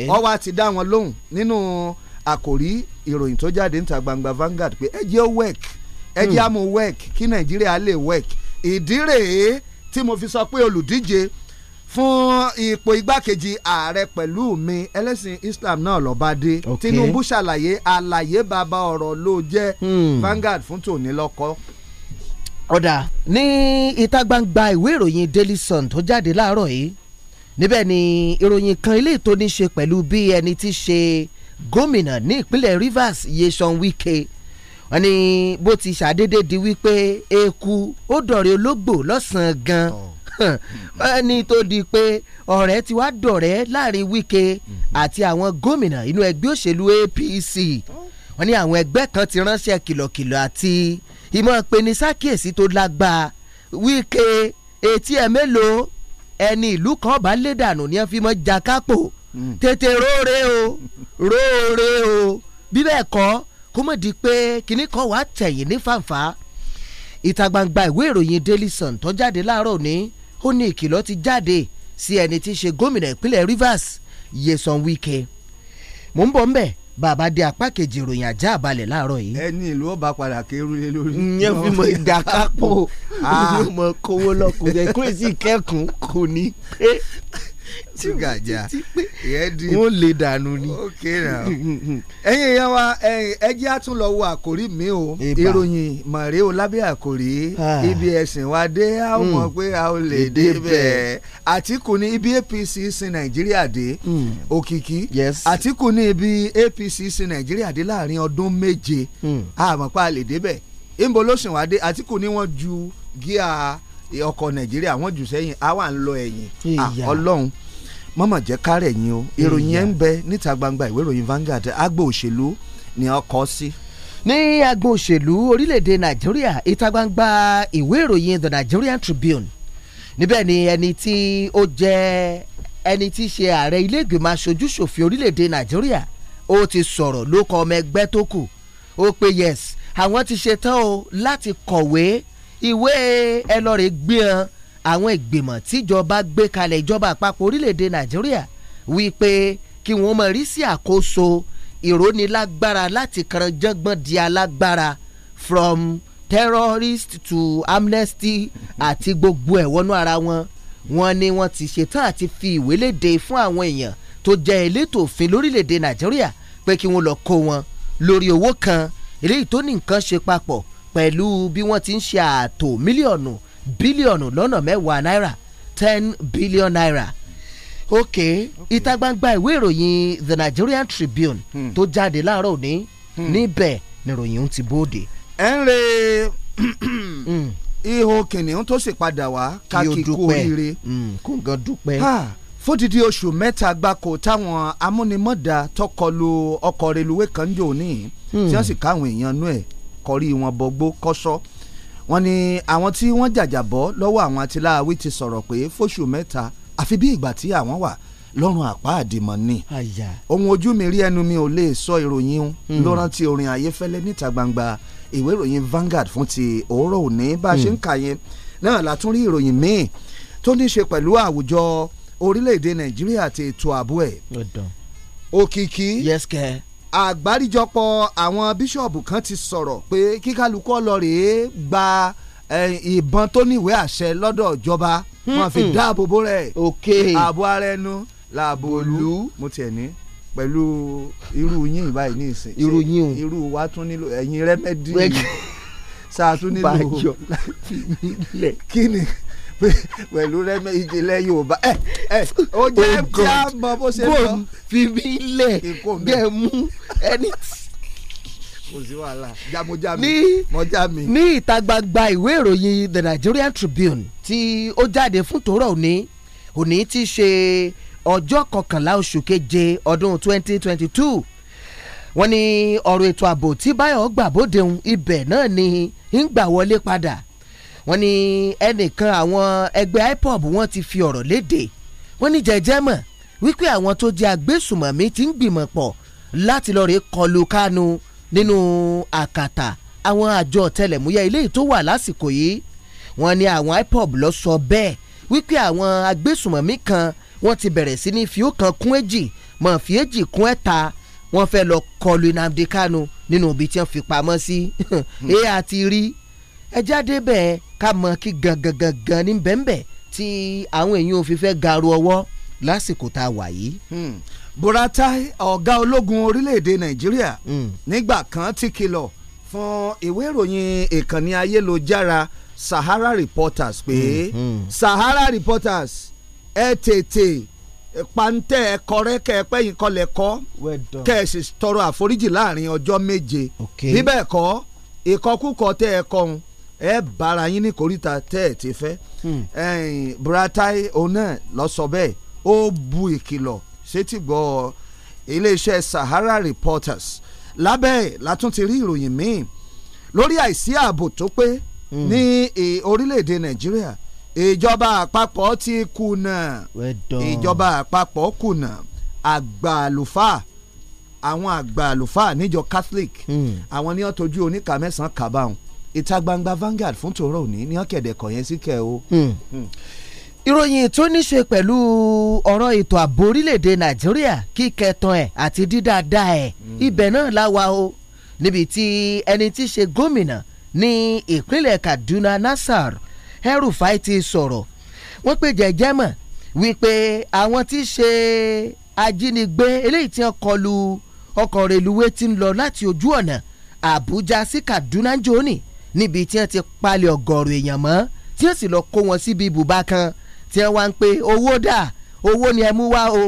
ọwọ́ àti dá wọn lóhùn nínú àkòrí ìròyìn tó jáde níta gbangba Vanguard pé ẹ jẹ́ work ẹ jẹ́ àmú work kí Nàìjíríà lè work ìdí rèé tí mo fi sọ pé olùdíje fún ipò igbákejì ààrẹ pẹ̀lú mi ẹlẹ́sìn Islam náà ló bá dé Tinubu ṣàlàyé àlàyé bàbá ọ̀rọ̀ ló jẹ́ hmm. Vanguard fún tòní lọ́kọ́. ọ̀dà ní ìta gbangba ìwé ìròyìn Daily Sun tó jáde láàárọ̀ yìí níbẹ̀ ni ìròyìn kan ilé tó ní ṣe pẹ̀lú bí ẹni tí ṣe gómìnà ní ìpínlẹ̀ Rivers Yeson Wike wọ́n ní bó ti ṣàdédé di wípé eku ó dọ̀rẹ́ ológbò lọ́sàn-án gan oh. wọ́n ní tó di pé ọ̀rẹ́ ti wá dọ̀rẹ́ láàrin Wike mm-hmm. àti àwọn gómìnà inú ẹgbẹ́ òṣèlú APC oh. wọ́n ní àwọn ẹgbẹ́ kan ti ránṣẹ́ kìlọ̀kìlọ̀ àti ìmọ̀ peni sákìyèsí tó lágbàá Wike etí ẹ̀ mélòó ẹni ìlú kan bá lé dànù ni wọ́n fi mọ́ jakapo mm. tètè róore o róore o bí kọ́ kó mọ̀ di pé kinní kan wàá tẹ̀yìn ní fàǹfà ìta gbangba ìwé ìròyìn Daily Sun tó jáde láàárọ̀ ní ó ní ìkìlọ̀ ti jáde sí ẹni tí í ṣe gómìnà ìpínlẹ̀ Rivers Yeson Wike mò ń bọ̀ ńbẹ̀ bàbá di apá kejì ìròyìn ajá àbálẹ̀ láàárọ̀ yìí. ẹni ìlú ọba padà kérúlé lórí. ìyẹn fi mọ ìdá kápò ah. ìyẹn mọ kówó lọkùnrin kúrèsì kẹkùn kò ní tí gàjà yẹ́dì wọ́n lè dànù ni. ẹ̀yin ìyá wa ẹjẹ́ á tún lọ wo àkòrí mi o ìròyìn mọ̀rẹ́ o lábẹ́ àkòrí ah. ibi ẹ̀sìn wa dé a ó mọ̀ hmm. pé a ó lè dé bẹ́ẹ̀ Àtìkù ní ibi APC sin Nàìjíríà dé hmm. òkìkí Àtìkù ní ibi APC sin Nàìjíríà dé láàrin ọdún méje hmm. a mọ̀ pé a lè dé bẹ́ẹ̀ ìbò ló sìn Àtìkù ní wọ́n ju gíà ọkọ̀ nàìjíríà wọ́n jù sẹ́yìn á wà ń lọ ẹ̀yìn ọlọ́run mọ́mọ́ jẹ́ kárẹ̀ yín o ìròyìn ẹ̀ ń bẹ níta gbangba ìwé ìròyìn Vanguard agbo òṣèlú ni ọkọ̀ sí. ní agbo òṣèlú orílẹ̀-èdè nàìjíríà ìta gbangba ìwé ìròyìn the Nigerian Tribune níbẹ̀ ni ẹni tí ó jẹ́ ẹni tí í ṣe ààrẹ ilé ìgbìmọ̀ aṣojú ṣòfin orílẹ̀-èdè nàìjíríà ó ti sọ̀rọ̀ ló kọ ọmọ ẹgbẹ́ tó kù ó pe yes àwọn ti ṣetán o láti kọ̀wé ìwé ẹ lọ rè gbé hàn àwọn ìgbìmọ̀ tíjọba gbé kalẹ̀ ìjọba àpapọ̀ orílẹ̀-èdè nàìjíríà wípé kí wọ́n mọ̀ rí sí àkóso ìrónilágbára láti kan jẹ́gbọ́n di alágbára from terrorist to amnesty àti gbogbo ẹ̀ wọnú ara wọn wọn ni wọ́n ti ṣetán àti fi ìwé léde fún àwọn èèyàn tó jẹ́ elétò òfin lórílẹ̀‐èdè nàìjíríà pé kí wọ́n lọ kó wọn lórí owó kan eléyìí tó ní nǹkan ṣe papọ̀ pẹ̀lú bí wọ́n ti ń ṣe ààtò mílíọ̀nù bílíọ̀nù lọ́nà mẹ́wàá náírà ten billion naira ok ìta gbangba ìwé ìròyìn the Nigerian Tribune hmm. tó jáde láàárọ̀ òní hmm. níbẹ̀ níròyìn ti bóde. ẹ ń re hmm. ihò kìnìún tó sì padà wá kákìkú oríire kò gan dúpẹ́ fódìdí oṣù mẹ́ta gbáko táwọn amúnimọ́dà tọkọlu ọkọ̀ reluwé kan jò ní tí wọ́n sì káwọn èèyàn nú ẹ̀ kọrí wọn bọgbó kọ́sọ́ wọ́n ní àwọn tí wọ́n jàjàbọ́ lọ́wọ́ àwọn atiláwí ti sọ̀rọ̀ pé fóṣù mẹ́ta àfi bí ìgbà tí àwọn wà lọ́rùn àpá àdìmọ̀ ni ohun ojú mi rí ẹnu mi ò lè sọ ìròyìn hmm. ló rántí orin ayéfẹ́lẹ́ níta gbangba ìwé ìròyìn Vanguard fún ti òórọ̀ òní bá a ṣe hmm. ń kà yẹn náà la tún rí ìròyìn míì tó ní í ṣe pẹ̀lú àwùjọ orílẹ̀-èdè Nàìjíríà àti ètò ààbò ẹ̀ òkìkí àgbáríjọpọ̀ àwọn bíṣọ̀bù kan ti sọ̀rọ̀ pé kíkálukú ọlọ́rẹ̀ gba ìbọn tó níwèé àṣẹ lọ́dọ̀ ìjọba hmm, wọn fi hmm. dáàbò bó rẹ̀ ààbò ara ẹnu làbò olú mo tiẹ̀ ní pẹ̀lú irú yín báyìí ní ìsìn irú wa tún nílò ẹ̀yin rẹ́mẹ́dì sáà kí ni pẹ̀lú rẹ́mẹ́ ìdílé yorùbá ẹ ẹ ó jẹ́ já mọ bó ṣe lọ. fi mí lẹ̀ bẹ́ẹ̀ mú ẹni tí ní ìta gbangba ìwé ìròyìn the Nigerian Tribune tí ó jáde fún tòrọ òní òní ti ṣe ọjọ́ kọkànlá oṣù keje ọdún 2022 wọ́n ní ọ̀rọ̀ ètò ààbò tí báyọ̀ gbà bóde ibẹ̀ náà ni ń gbà wọlé padà wọ́n ní ẹnìkan àwọn ẹgbẹ́ IPOB wọ́n ti fi ọ̀rọ̀ léde wọ́n ní jẹ́jẹ́ mọ̀ wípé àwọn tó jẹ́ agbésùmọ̀mí ti ń gbìmọ̀ pọ̀ láti lọ rè kọlù Kánú nínú àkàtà àwọn àjọ ọ̀tẹlẹ̀múyẹ́ ilé tó wà lásìkò yìí wọ́n ní àwọn IPOB lọ sọ bẹ́ẹ̀ wípé àwọn agbésùmọ̀mí kan wọ́n ti bẹ̀rẹ̀ sí ní fi ó kan kún èjì mọ̀ fi èjì kún ẹ̀ta wọ́n fẹ́ lọ kọlù Nnamdi Kanu nínú ibi tí wọ́n fi pamọ́ sí ẹ àti rí ẹ jáde bẹ́ẹ̀ ká mọ kí gangan gangan ní bẹ́ẹ̀nbẹ́ẹ̀ tí àwọn èèyàn ò fi fẹ́ garu ọwọ́ lásìkò tá a wà yìí. Hmm. Buratai ọ̀gá ológun orílẹ̀-èdè Nàìjíríà hmm. nígbà kan ti kìlọ̀ fún ìwé ìròyìn ìkànnì ayélujára Sahara Reporters pé hmm, Sahara Reporters ẹ tètè pàǹtẹ kọrẹ kẹpẹ yìí kọlẹ kọ kẹsì tọrọ àforíjì láàrin ọjọ́ méje bíbẹ kọ ìkọkúkọ tẹ ẹ kọhun ẹ bára yín ní koríta tẹ́ ẹ ti fẹ́ hmm. Buratai ona lọ sọ bẹ́ẹ̀ ó bu ìkìlọ̀ sétígbọ́ iléeṣẹ́ Sahara Reporters lábẹ́ ẹ̀ látún ti rí ìròyìn míì lórí àìsí ààbò tó pé hmm. ní orílẹ̀-èdè Nàìjíríà ìjọba àpapọ̀ ti kùnà ìjọba àpapọ̀ kùnà àgbà àlùfáà àwọn àgbà àlùfáà níjọ Catholic hmm. àwọn ni wọn tójú oníkà mẹ́sàn-án ìta gbangba Vanguard fún tòró òní ní ọ̀kẹ́dẹ̀ kọ̀ yẹn sí kẹ́ o. Hmm. Hmm. ìròyìn tó ní ṣe pẹ̀lú ọ̀rọ̀ ètò ààbò orílẹ̀-èdè Nàìjíríà kíkẹtàn ẹ̀ àti dídáadáa ẹ̀ hmm. ibẹ̀ náà láwa o níbi tí ẹni tí ṣe gómìnà ní ìpínlẹ̀ Kaduna Nasar El-Rufai ti sọ̀rọ̀ wọ́n pe jẹ́jẹ́ mọ̀ wípé àwọn tí í ṣe ajínigbé eléyìí tí wọ́n kọlu ọkọ̀ reluwé ti ń lọ láti ojú ọ̀nà Àbújá sí Kaduna jóni níbi tí wọ́n ti palẹ̀ ọ̀gọ̀rọ̀ èèyàn mọ́ tí wọ́n sì lọ kó wọn síbi ibùba kan tí wọ́n wá ń pé owó dà owó ni ẹ mú wá o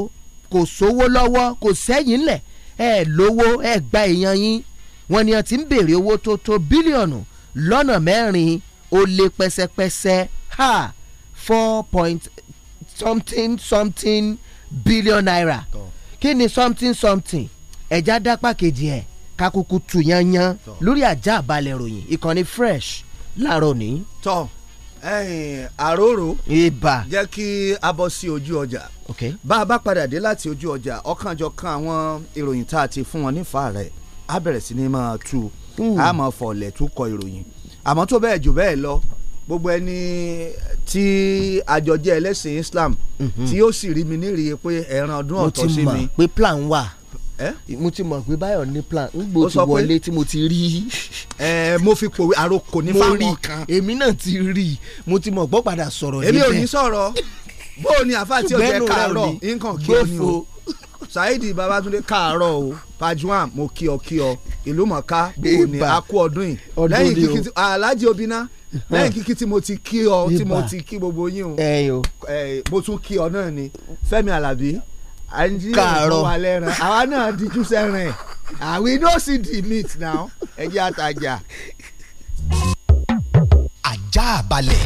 kò sówó lọ́wọ́ kò sẹ́yìn lẹ̀ ẹ lówó ẹ gba èèyàn yín wọ́n ní wọ́n ti ń béèrè owó tó tó bílíọ̀nù lọ́nà mẹ́rin ó lé pẹ́sẹ́pẹ́sẹ́ ha four point something something billion naira kí ni something something ẹ̀já dápá kejì ẹ̀ kakuku tu yanyan lórí ajá balẹ̀ ròyìn ìkànnì fresh láàárọ̀ ní. tọ́ àròrò ibà jẹ́ kí a bọ́ sí ojú ọjà bá a bá padà dé láti ojú ọjà ọ̀kanjọ̀kan àwọn ìròyìn tá a ti fún wọn nífà rẹ̀ á bẹ̀rẹ̀ sí ni máa tu hmm. a máa fọ̀lẹ̀ tún kọ ìròyìn àmọ́ tó bẹ́ẹ̀ jù bẹ́ẹ̀ lọ gbogbo ẹni tí àjọjẹ́ ẹlẹ́sìn Islam mhm. tí ó sì rí mi nírìí pé ẹran ọdún ọ̀tọ̀ sí mi. mo ti mọ̀ pé plan wà mo ti mọ̀ pé báyọ̀ ní plan ngbò ti wọlé tí mo ti rí. ẹ mo fi pòwe àròkò ní fáwọn kan. èmi náà ti rí mo ti mọ̀ gbọ́ padà sọ̀rọ̀ níbẹ̀. èmi ò ní sọ̀rọ̀ bó o ní àfa tí o jẹ káàárọ̀ nǹkan kí o ní o Saheed Babatunde káàárọ̀ o Pajwan mo kí ọ kí ọ ìlú mọ̀ká bó a kú ọdún yìí lẹ́yìn kíkí Alhaji Obinna lẹ́yìn kíkí tí mo ti kí ọ tí mo ti kí gbogbo yín o mo tún kí ọ náà ni Fẹ́mi Alábí à ń jí ìwọ wa lẹ́ran àwa náà díjú sẹ́ran ẹ̀ we no see the meat now ẹ jẹ́ àtàjà. ajá balẹ̀.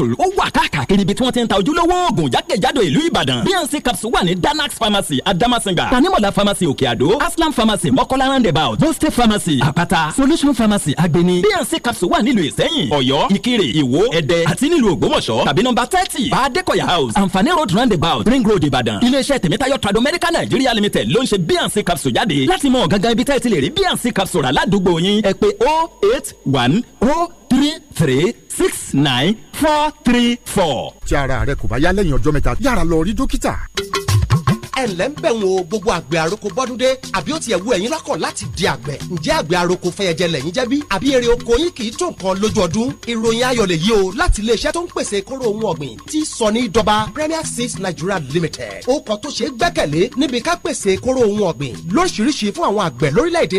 capsule ó wà káàkiri ibi tí wọ́n ti ń ta ojúlówó oògùn jákèjádò ìlú ìbàdàn bnc capsule wà ní danax pharmacy adamasinga tanimola pharmacy òkè àdó aslam pharmacy mọ́kọ́lá roundabout boste pharmacy àpáta solution pharmacy agbeni bnc capsule wà nílùú ìsẹ́yìn ọ̀yọ́ ìkirè ìwó ẹ̀dẹ́ àti nílùú ògbómọ̀ṣọ́ tàbí nọ́mbà thirty baadekoya house anfani road roundabout ring road ìbàdàn iléeṣẹ́ tèmítáyọ̀ tradomedica nigeria limited ló ń ṣe bnc capsule jáde láti mọ gangan ibi tẹ́ẹ̀ ti lè rí bnc capsule aládùúgbò yín ẹ pé 081 0 three three six nine four three four. tí ara rẹ kò bá yá lẹ́yìn ọjọ́ mẹ́ta yára lọ rí dókítà ẹ̀lẹ́ ń bẹ̀ gbogbo àgbẹ̀ àroko bọ́dúndé àbí ó tiẹ̀ wú ẹ̀yin lọ́kàn láti di àgbẹ̀ ǹjẹ́ àgbẹ̀ àroko fẹyẹjẹ lẹ́yìn jẹ́ àbí èrè oko yín kì í tó nǹkan lójú ọdún ìròyìn ayọ̀ lèyí o láti iléeṣẹ́ tó ń pèsè kóró ohun ọ̀gbìn tí sọ ní dọba Premier Six Nigeria Limited ó kàn tó ṣe gbẹ́kẹ̀lé níbi ká pèsè kóró ohun ọ̀gbìn lóríṣiríṣi fún àwọn àgbẹ̀ lórílẹ̀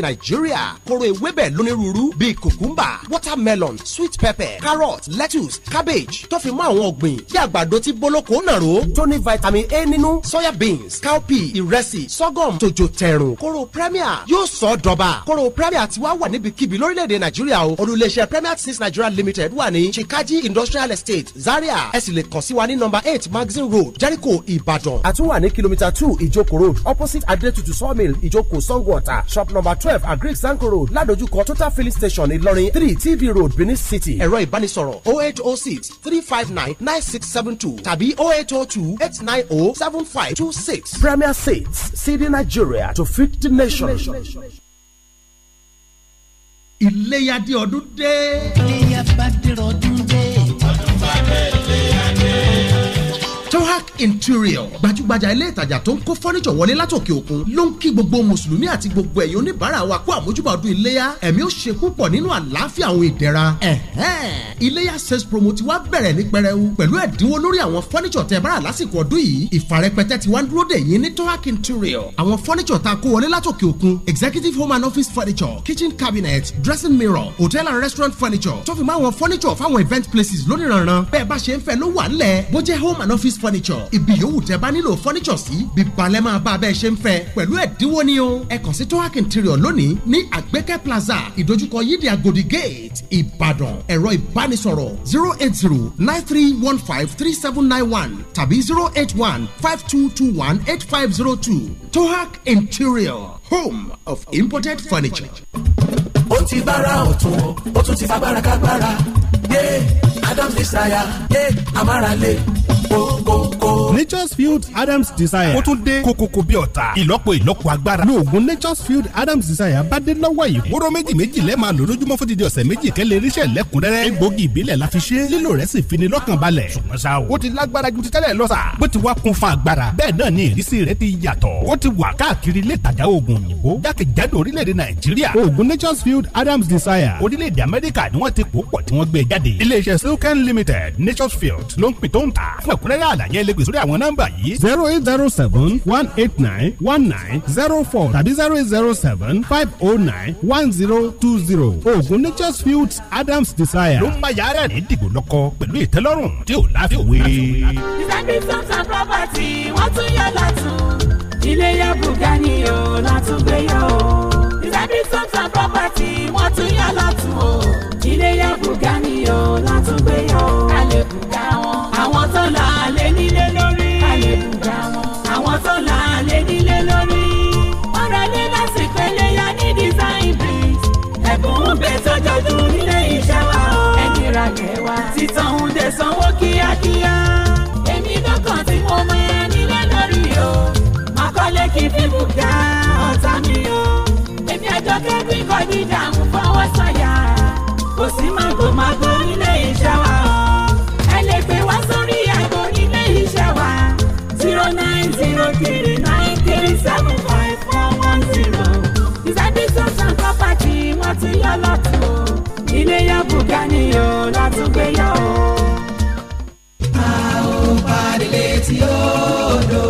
soya beans cowpea ìrẹsì sorghum tòjò tẹ̀rùn kóró premier yóò sọ ọ́ dọba kóró premier ti wá wà níbikíbi lórílẹ̀‐èdè nàìjíríà o olùléṣẹ́ premier six nigeria limited wà ní chikaji industrial estate zaria ẹ sì lè kàn sí wa ní number eight magazine road jericho ìbàdàn. a tún wà ní kìlómítà two ìjókòó road opposite adetutu sawmill ìjókòó sango shop number twelve agric sango road ládojúkọ total filling station ìlọrin three tv road benin city. ẹ̀rọ ìbánisọ̀rọ̀ oh eight oh six three five nine nine six seven two tàbí oh eight oh two eight nine oh seven five two six. Premier Seeds, seeding Nigeria to feed the nation. Iléyá dé ọdún dé. Iléyá bá dé ọdún dé. Ọdún bá dé Iléyá dé tohac interior gbajúgbajà ilé ìtajà tó ń kó fọ́nìṣọ̀ wọlé látòkè òkun ló ń kí gbogbo mùsùlùmí àti gbogbo ẹ̀yin oníbàárà wa kú àmójúbà ọdún iléyà ẹ̀mí ó ṣe púpọ̀ nínú àlàáfíà àwọn ìdẹ̀ra iléyà sales promo ti wá bẹ̀rẹ̀ ní pẹrẹu pẹ̀lú ẹ̀dínwó lórí àwọn fọ́nìṣọ̀ tẹ́ bára lásìkò ọdún yìí ìfàrẹ́pẹ̀tẹ̀ ti wá ń dúró dè yín ní tohac interior àwọn fọ́nìṣọ̀ tá a kó wọlé látòkè òkun executive home and office furniture kitchen cabinet dressing mirror hotel and restaurant furniture tó fi mọ́ àwọn fọ́nìṣọ̀ fáwọn event places lóníranran bẹ́ẹ̀ bá ṣe ń fẹ́ ló wà ńlẹ̀ bó jẹ́ home and office furniture ibi yòówù tẹ́ bá nílò furniture sí bíbalẹ̀ máa bá abẹ́ ṣe ń fẹ́ pẹ̀lú ẹ̀dínwó ni o ẹ kàn sí tohac interior lónìí ní àgbẹ̀kẹ́ plaza ìdojúkọ yídi agodi gate ìbàdàn ẹ̀rọ ìbánisọ̀rọ̀ zero eight zero nine three one five three seven nine one tàbí zero eight one five two two one eight five zero two tohac interior home of imported furniture. ó ti bára ọ̀tún ó tún ti fagbára kágbára yé Adams desire yé amárale go, go, go. nature's field adams desire. ó tún dé kókókó bí ọ̀tá ìlọ́po ìlọ́po agbára. lóògùn nature's field adams desire bá dé lọ́wọ́ yìí. wóró méjì méjì lẹ́ẹ̀ máa lò lójúmọ́ fún dídí ọ̀sẹ̀ méjì kẹ́lẹ́ irísẹ́ lẹ́kùnrẹ́rẹ́. egbògi ìbílẹ̀ la fi ṣe lílo rẹ̀ sì fi ni lọ́kàn balẹ̀. ṣùgbọ́n ṣá o ó ti lágbára ju ti tẹ́lẹ̀ lọ sà. bó ti wá kún fún agbára bẹ́ẹ̀ náà ni ìrísí rẹ̀ ti yàtọ̀. ó ti wà káàkiri nature's field adams desire. orílẹ̀-èdè amẹ́ríkà ni wọ́n ti pò pọ̀ tí wọ́n gbé e jáde. iléeṣẹ́ limited nature's field ló ń pin tó ń ta. fún ẹ̀kúnrẹ́rẹ́ àlàyé àwọn nọ́mbà yìí zero eight zero seven one eight nine one nine zero four tàbí zero eight zero seven five oh nine one zero two zero oògùn nature's fields adams desire. ló ń bá yàrá ní dìgbò lọ́kọ́ pẹ̀lú ìtẹ́lọ́rùn tí ò láfiwé. ìsẹ́bí sọ́sà property wọ́n tún yọ lọ́tún ilé yá bùgá ni o látúgbé yá o. ìsẹ́bí sọ́sà property wọ́n tún yọ lọ́tún o ilé yá bùgá ni o látúgbé yá o. a lè bùgá wọn àwọn tó lọ alẹ́. jẹ wá. títàn oúnjẹ sanwó kíákíá. èmi dọ́kàn tí mo mọ ẹni lé lórí o. má kọ́lé kí fíìmù ga ọ̀tá mi o. èmi àjọ kẹ́gbìn kọ́ dídà mú fọwọ́ sọ̀yà. kò sí màgòmágó. nìyó látúgbéyàwó. a ò parí létí o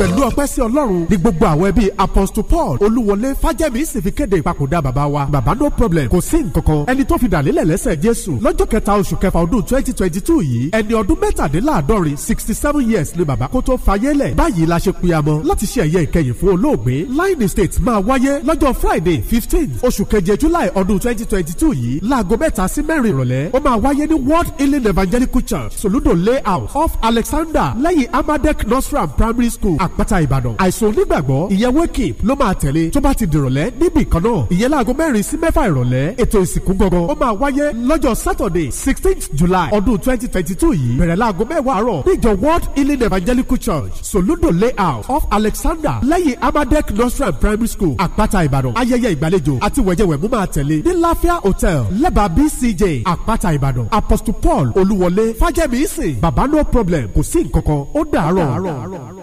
pẹ̀lú ọpẹ́ sí ọlọ́run ni gbogbo àwọn ẹbí apostle paul olúwọlé fájẹ́mi sì fi kéde ìpapòdà bàbá wa bàbá no problem kò sí nkankan ẹni tó fi dàlélẹ̀ lẹ́sẹ̀ jésù lọ́jọ́ kẹta oṣù kẹfà ọdún twenty twenty two yìí ẹni ọdún mẹ́tàdínláàdọ́rin sixty seven years ni bàbá kó tó fayé lẹ̀ báyìí la ṣe kuyamọ láti ṣe ẹ̀yẹ ìkẹyìn fún olóògbé line state máa wáyé lọ́jọ́ friday fifteen oṣù keje july ọdún twenty twenty two yìí láago mẹ́ta sí mẹ́rin ìrọ̀lẹ́ ó máa wáyé ní world healing evangelical church soludo layout off alexander lẹ́yìn amadek nursery primary school àpáta ìbàdàn àìsùn onígbàgbọ́ ìyẹn wake up ló máa tẹ̀lé tó bá ti dìrọ̀lẹ́ níbì kan náà ìyẹn láago mẹ́rin sí mẹ́fà ìrọ̀lẹ́ ètò ìsìnkú gangan ó máa wáyé lọ́jọ́ saturday sixteenth july ọdún twenty twenty two yìí bẹ̀rẹ̀ láago mẹ́wàá àárọ̀ níjọ world healing evangelical church soludo layout of alexander lẹ́yìn amadek nostrum primary school àpáta ìbàdàn ayẹyẹ ìgbàlejò àti wẹ̀jẹ̀wẹ̀mú máa tẹ̀lé ní lafia hotel lẹ́bàá bcj àpáta ìbàdàn apostle paul olúwọlé fájẹ́mi ìsìn bàbá no problem kò sí nǹkankan ó dàárọ̀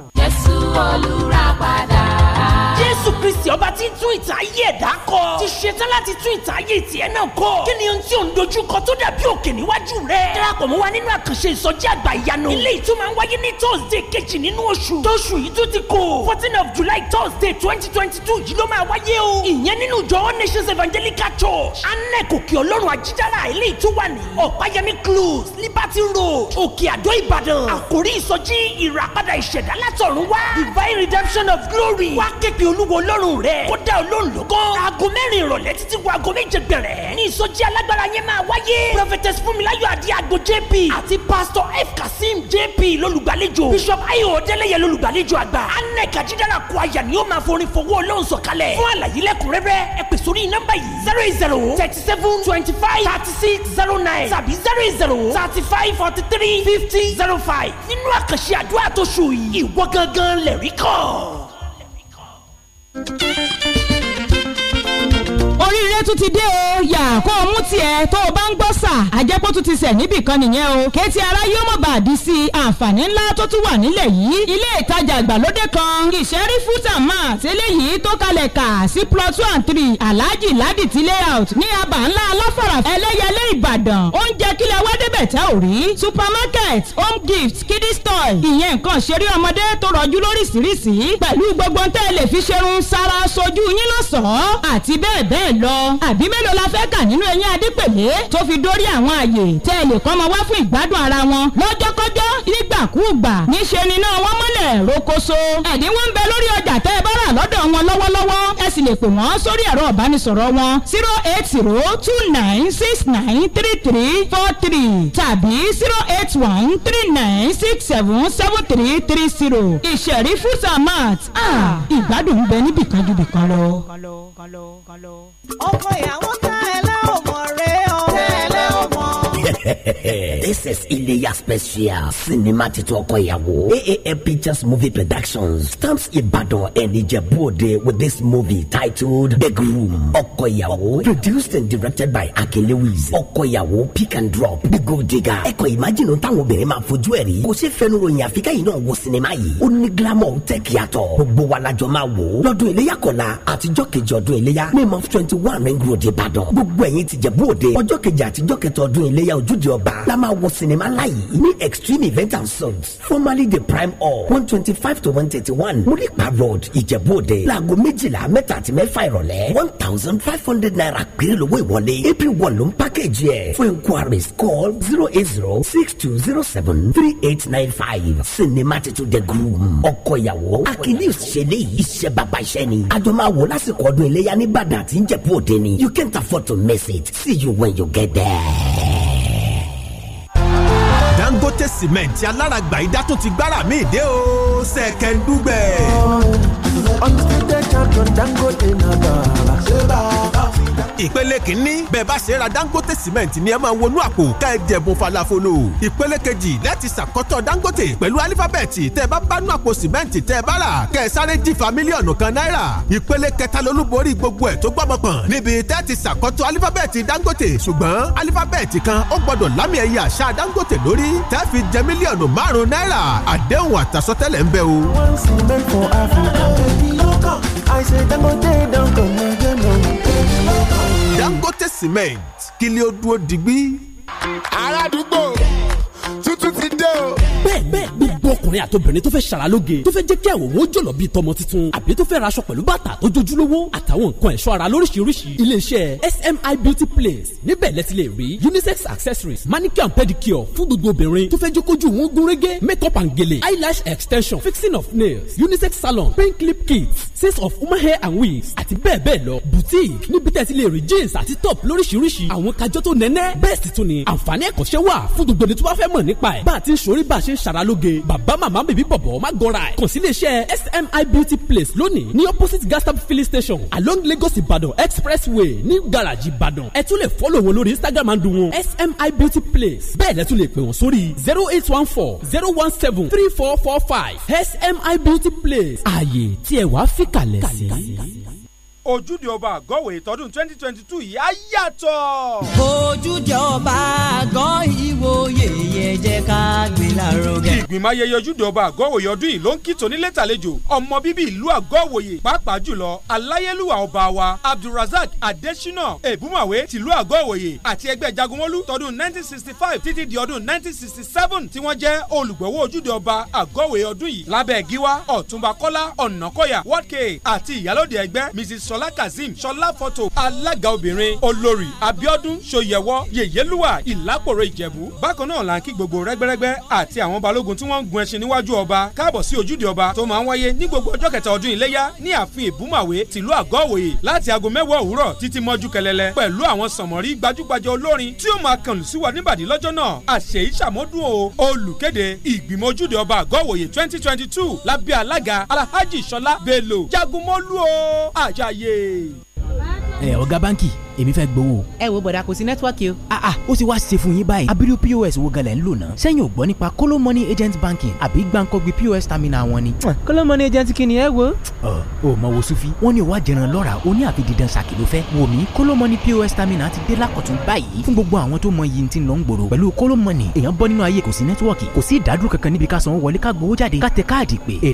jésù olùràpadà jésù kristi ọba tí tún ìtàn ẹ̀dá kọ ti ṣetán láti tún ìtàn tiẹ̀ náà kọ kí ni ohun tí ò ń dojúkọ tó dàbí òkè níwájú rẹ darapọ̀ mọ́ wa nínú àkànṣe ìsọjí àgbà ìyanu ilé ìtún máa ń wáyé ní thursday kejì nínú oṣù tóṣù yìí tún ti kò fourteen of july thursday twenty twenty two yìí ló máa wáyé o ìyẹn nínú ìjọ all nations evangelical church anec òkè ọlọ́run àjídára ilé ìtún wà ní ọ̀páyẹmí close liberty road òkè àdó ìbàdàn àkórí ìsọjí ìràpadà ìṣẹ̀dá látọ̀run wá divine redemption of glory wá képe olúwo ọlọ́run rẹ kó dá olóhùn lóko. aago mẹ́rin ìrọ̀lẹ́ títí wo aago méje gbẹ̀rẹ̀ ní ìsọjí alágbára yẹn máa wáyé. prophetess fúnmiláyọ̀ adéago jp àti pastor f Kassim jp lólùgbàlejò bishop ayọ̀ ọ̀dẹ́lẹ̀yẹ lólùgbàlejò àgbà. anna kajidara kọ àyà ni ó máa forin fọwọ́ ọlọ́run sọ̀kalẹ̀. fún àlàyé lẹ́kùnrẹ́rẹ́ ẹ pè sórí nọ́mbà yìí zero zero thirty seven twenty five thirty six zero nine tàbí zero zero thirty five forty three fifty zero five nínú àkànṣe àdúrà tó ṣù yìí ìwọ gangan lẹ̀rí kàn. Outro ayé tún ti dé o yà kó o mú tiẹ̀ tó o bá ń gbọ́ sà àjẹpọ̀ tún ti sẹ̀ níbì kan nìyẹn o kéétì ara yóò mọ̀ bá àdí sí àǹfààní ńlá tó tún wà nílẹ̀ yìí ilé ìtajà ìgbàlódé kan ìṣẹ́rí fútàmà tẹ́lẹ̀ yìí tó kalẹ̀ kà sí plot two and three alhaji laditi layout ní abà ńlá aláfàrà ẹlẹ́yẹlé ìbàdàn oúnjẹ kílẹ̀ wá débẹ̀ tá ò rí supermarket home gift kiddies toy ìyẹn nǹkan ṣeré ọmọdé tó rọjú lóríṣiríṣi pẹ̀lú gbogbo tẹ́ lè fi ṣerun sára sojú yín lọ́sọ̀ọ́ àti bẹ́ẹ̀ bẹ́ẹ̀ lọ àbí mélòó la fẹ́ kà nínú eyín adípèlé tó fi dórí àwọn àyè tẹ́ ẹ lè kọ́mọ wá fún ìgbádùn ara wọn lọ́jọ́kọ́jọ́ nígbàkúùgbà níṣe ni náà wọ́n mọ́lẹ̀ rokoṣo ẹ̀dínwó ń bẹ lórí ọjà tẹ́ ẹ bá rà lọ́dọ̀ wọn lọ́wọ́lọ́wọ́ ẹ sì lè pè wọ́n sórí ẹ̀rọ ìbánisọ̀rọ̀ wọn zero eight zero two nine six nine three three four three tàbí zero eight one three nine six seven seven three three zero ìṣẹ̀rí ah. ìgbádùn ń bẹ níbìkan ju bìkan lọ. Oh, i ìyàwó tá this is Iléyá special sinima titun ọkọ ìyàwó AAM Pictures movie productions stamps Ibadan and Ijebu-Ode with this movie titled The Groom ọkọ ìyàwó produced and directed by Ake Lewis ọkọ ìyàwó pick and drop The Gold Digger ẹ̀kọ́ ìmájìnnú táwọn obìnrin máa fojú ẹ̀rí kò ṣe fẹnu ròyìn àfikẹ́ yìí náà wo sinima yìí ó ní glamour tẹ́kì yàtọ̀ gbogbo wa lajọ máa wò ó lọ́dún Iléyá kọ̀la àtijọ́ kejì ọdún Iléyá ní month twenty one ring road Ìbàdàn gbogbo ẹ̀yin tìjẹ̀bú-Òde ọjọ́ kejì àtijọ́ kẹtọ̀ ọdún Iléyá ojú olójú ọba la máa wọ sinimá láyé ní extreme event and sons formerly the prime hall one twenty five to one thirty one muripa road ìjẹ̀bú-òde láago méjìlá mẹ́ta àti mẹ́fà ìrọ̀lẹ́ one thousand five hundred naira péré lówó ìwọlé april one ló ń package yẹ fún inquiries call zero eight zero six two zero seven three eight nine five sinimá titun the groom ọkọ ìyàwó akilius ṣẹlẹ̀ yìí baba bàbá iṣẹ́ ni àjọ máa wò lásìkò ọdún iléyà ní àti ìjẹ̀bú-òde ni you can't afford to miss it see you when you get there united cement aláràgbà ìdá tún ti gbára mi dé o ṣẹ̀kẹ̀ndúgbẹ̀. undisputed champion Dangote ìpele kìíní bẹ́ẹ̀ bá ṣe ra dangote cement ni ẹ máa wọnú àpò tẹ́ ẹ jẹ̀bùn falafolo ìpele kejì láti ṣàkọ́tọ̀ dangote pẹ̀lú alifábẹ́ẹ̀tì tẹ́ ẹ bá bánú àpò cement tẹ́ ẹ bá rà kẹ́ ẹ sáré jìfà mílíọ̀nù kan náírà ìpele kẹta lolúborí gbogbo ẹ̀ tó gbọ́mọ pọ̀n níbi tẹ́ ti ṣàkọ́tọ̀ alifábẹ́ẹ̀tì dangote ṣùgbọ́n alifábẹ́ẹ̀tì kan ó gbọ́dọ̀ lámì ẹ̀yẹ àṣà dangote lórí tẹ́ fi jẹ mílíọ̀nù márùn-ún náírà àdéhùn Dangote cement kí lè ó dúró digbí. aládùúgbò tuntun ti dé o. bẹ́ẹ̀ bẹ́ẹ̀ gbogbo ọkùnrin àti obìnrin tó fẹ́ ṣàralóge tó fẹ́ jẹ́ kí àwòrán ó jọ̀lọ̀ bíi tọmọ tuntun àbí tó fẹ́ raṣọ pẹ̀lú bàtà tó jojúlówó àtàwọn nǹkan ẹ̀ṣọ́ ara lóríṣiríṣi iléeṣẹ́ SMI beauty place níbẹ̀ lẹ́tí lè rí unisex accessories manicure and pedicure fún gbogbo obìnrin tó fẹ́ jẹ́ kójú wọn gún make up and gèlè eyelash extension fixing of nails unisex salon pink clip Kit. sets of human hair and wigs àti bẹ́ẹ̀ bẹ́ẹ̀ lọ boutique níbi tẹ́tí lè rí jeans àti top lóríṣiríṣi àwọn kájọ tó nẹ́nẹ́ bẹ́ẹ̀ sì tún ni àǹfààní ẹ̀kọ́ṣẹ́ wà fún gbogbo ẹni tó bá fẹ́ mọ̀ nípa ẹ̀ bá a ti ń ṣorí bá Mama bèbí bọ̀bọ̀ má gọra ẹ̀ kàn sí iléeṣẹ́ SMI Beauty Place lónìí ní opposite gastap filling station along Lagos Ìbàdàn expressway ní garaji Ìbàdàn ẹ tún lè fọ́lọ̀ wọn lórí Instagram handle wọn SMI Beauty Place bẹ́ẹ̀ lẹ́tún lè pè wọ́n sórí zero eight one four zero one seven three four four five SMI Beauty Place ààyè tí ẹ wàá fi kalẹ̀ sí ojúde ọba àgọ́wé tọdún twenty twenty two yìí á yàtọ̀. ojúde ọba àgọ́ ìwòye yẹ jẹ́ ká gbé lárugẹ. ìgbìmọ̀ ayẹyẹ ojúde ọba àgọ́wòye ọdún yìí ló ń kí tonílétàlejò ọmọ bíbí ìlú àgọ́wòye pàápàá jùlọ aláyélúwà ọba wa abdulrasaq adesina ebumawe tìlú àgọ́wòye àti ẹgbẹ́ jagunmólú tọdún nineteen sixty five títí di ọdún nineteen sixty seven tí wọ́n jẹ́ olùgbọ̀wọ́ ojúde ọba àgọ́wòye ọdún yìí lábẹ́ gíwá ọ̀túnba kọ́lá ọ̀nàkọ́yà wọ́ọ̀kẹ́ àti ìyálòde ẹgbẹ́ mrs ṣọlá kazeem ṣọlá fọ́tò alága obìnrin olórí abiodun ṣòyẹwọ yèyélúwà ìlápòrò ìjẹ̀bú bákan náà là ń kí gbogbo rẹ́gbẹ́rẹ́gbẹ́ àti àwọn balógun tí wọ́n ń gun ẹṣin níwájú ọba káàbọ̀ sí ojúde ọba tó máa ń wáyé ní gbogbo ọjọ́ kẹta ọdún iléyá ní ààfin ìbúmàwé tìlú àgọ́ òwòye láti aago mẹ́wàá òwúrọ̀ títí mọ́jú kẹlẹ́lẹ́ pẹ̀lú àwọn sànmọ́rí gbajúgbajà olórin tí ó máa o olùkéde ìgbìmọ̀ ojúde ọba àgọ́ òwòye twenty twenty two lábẹ́ alága alhaji ṣọlá bello jagunmọ́lú o àjàyè méje. ẹ ọ̀gá báǹkì èmi fẹ́ gbowó. ẹ wo bọ̀dà kò sí nẹ́tíwọ́ọ̀kì o. ah ah ó ti wá ṣe fún yín báyìí abiru pos wo gan lẹ̀ ń lò náà. sẹ́yìn ò gbọ́ nípa kóló money agent banking àbí gbàǹkọ́gbì pos terminal wọn ni. kóló money agent kí ni ẹ wo. ọ ò mọ wo sufi wọn ní ìwà jẹran lọ́ra ó ní àfi dídán ṣàkì ló fẹ́. wò kóló money pos terminal ti dé lákọ̀tún báyìí. fún gbogbo àwọn tó mọ iye tí ń lọ ń gbòòrò pẹ̀lú kóló money èèyàn bọ́ nínú ayé kò sí nẹ́tíwọ́ọ̀kì kò sí ìdádúró kankan níbi ká sanwó wọlé ká gbowó jáde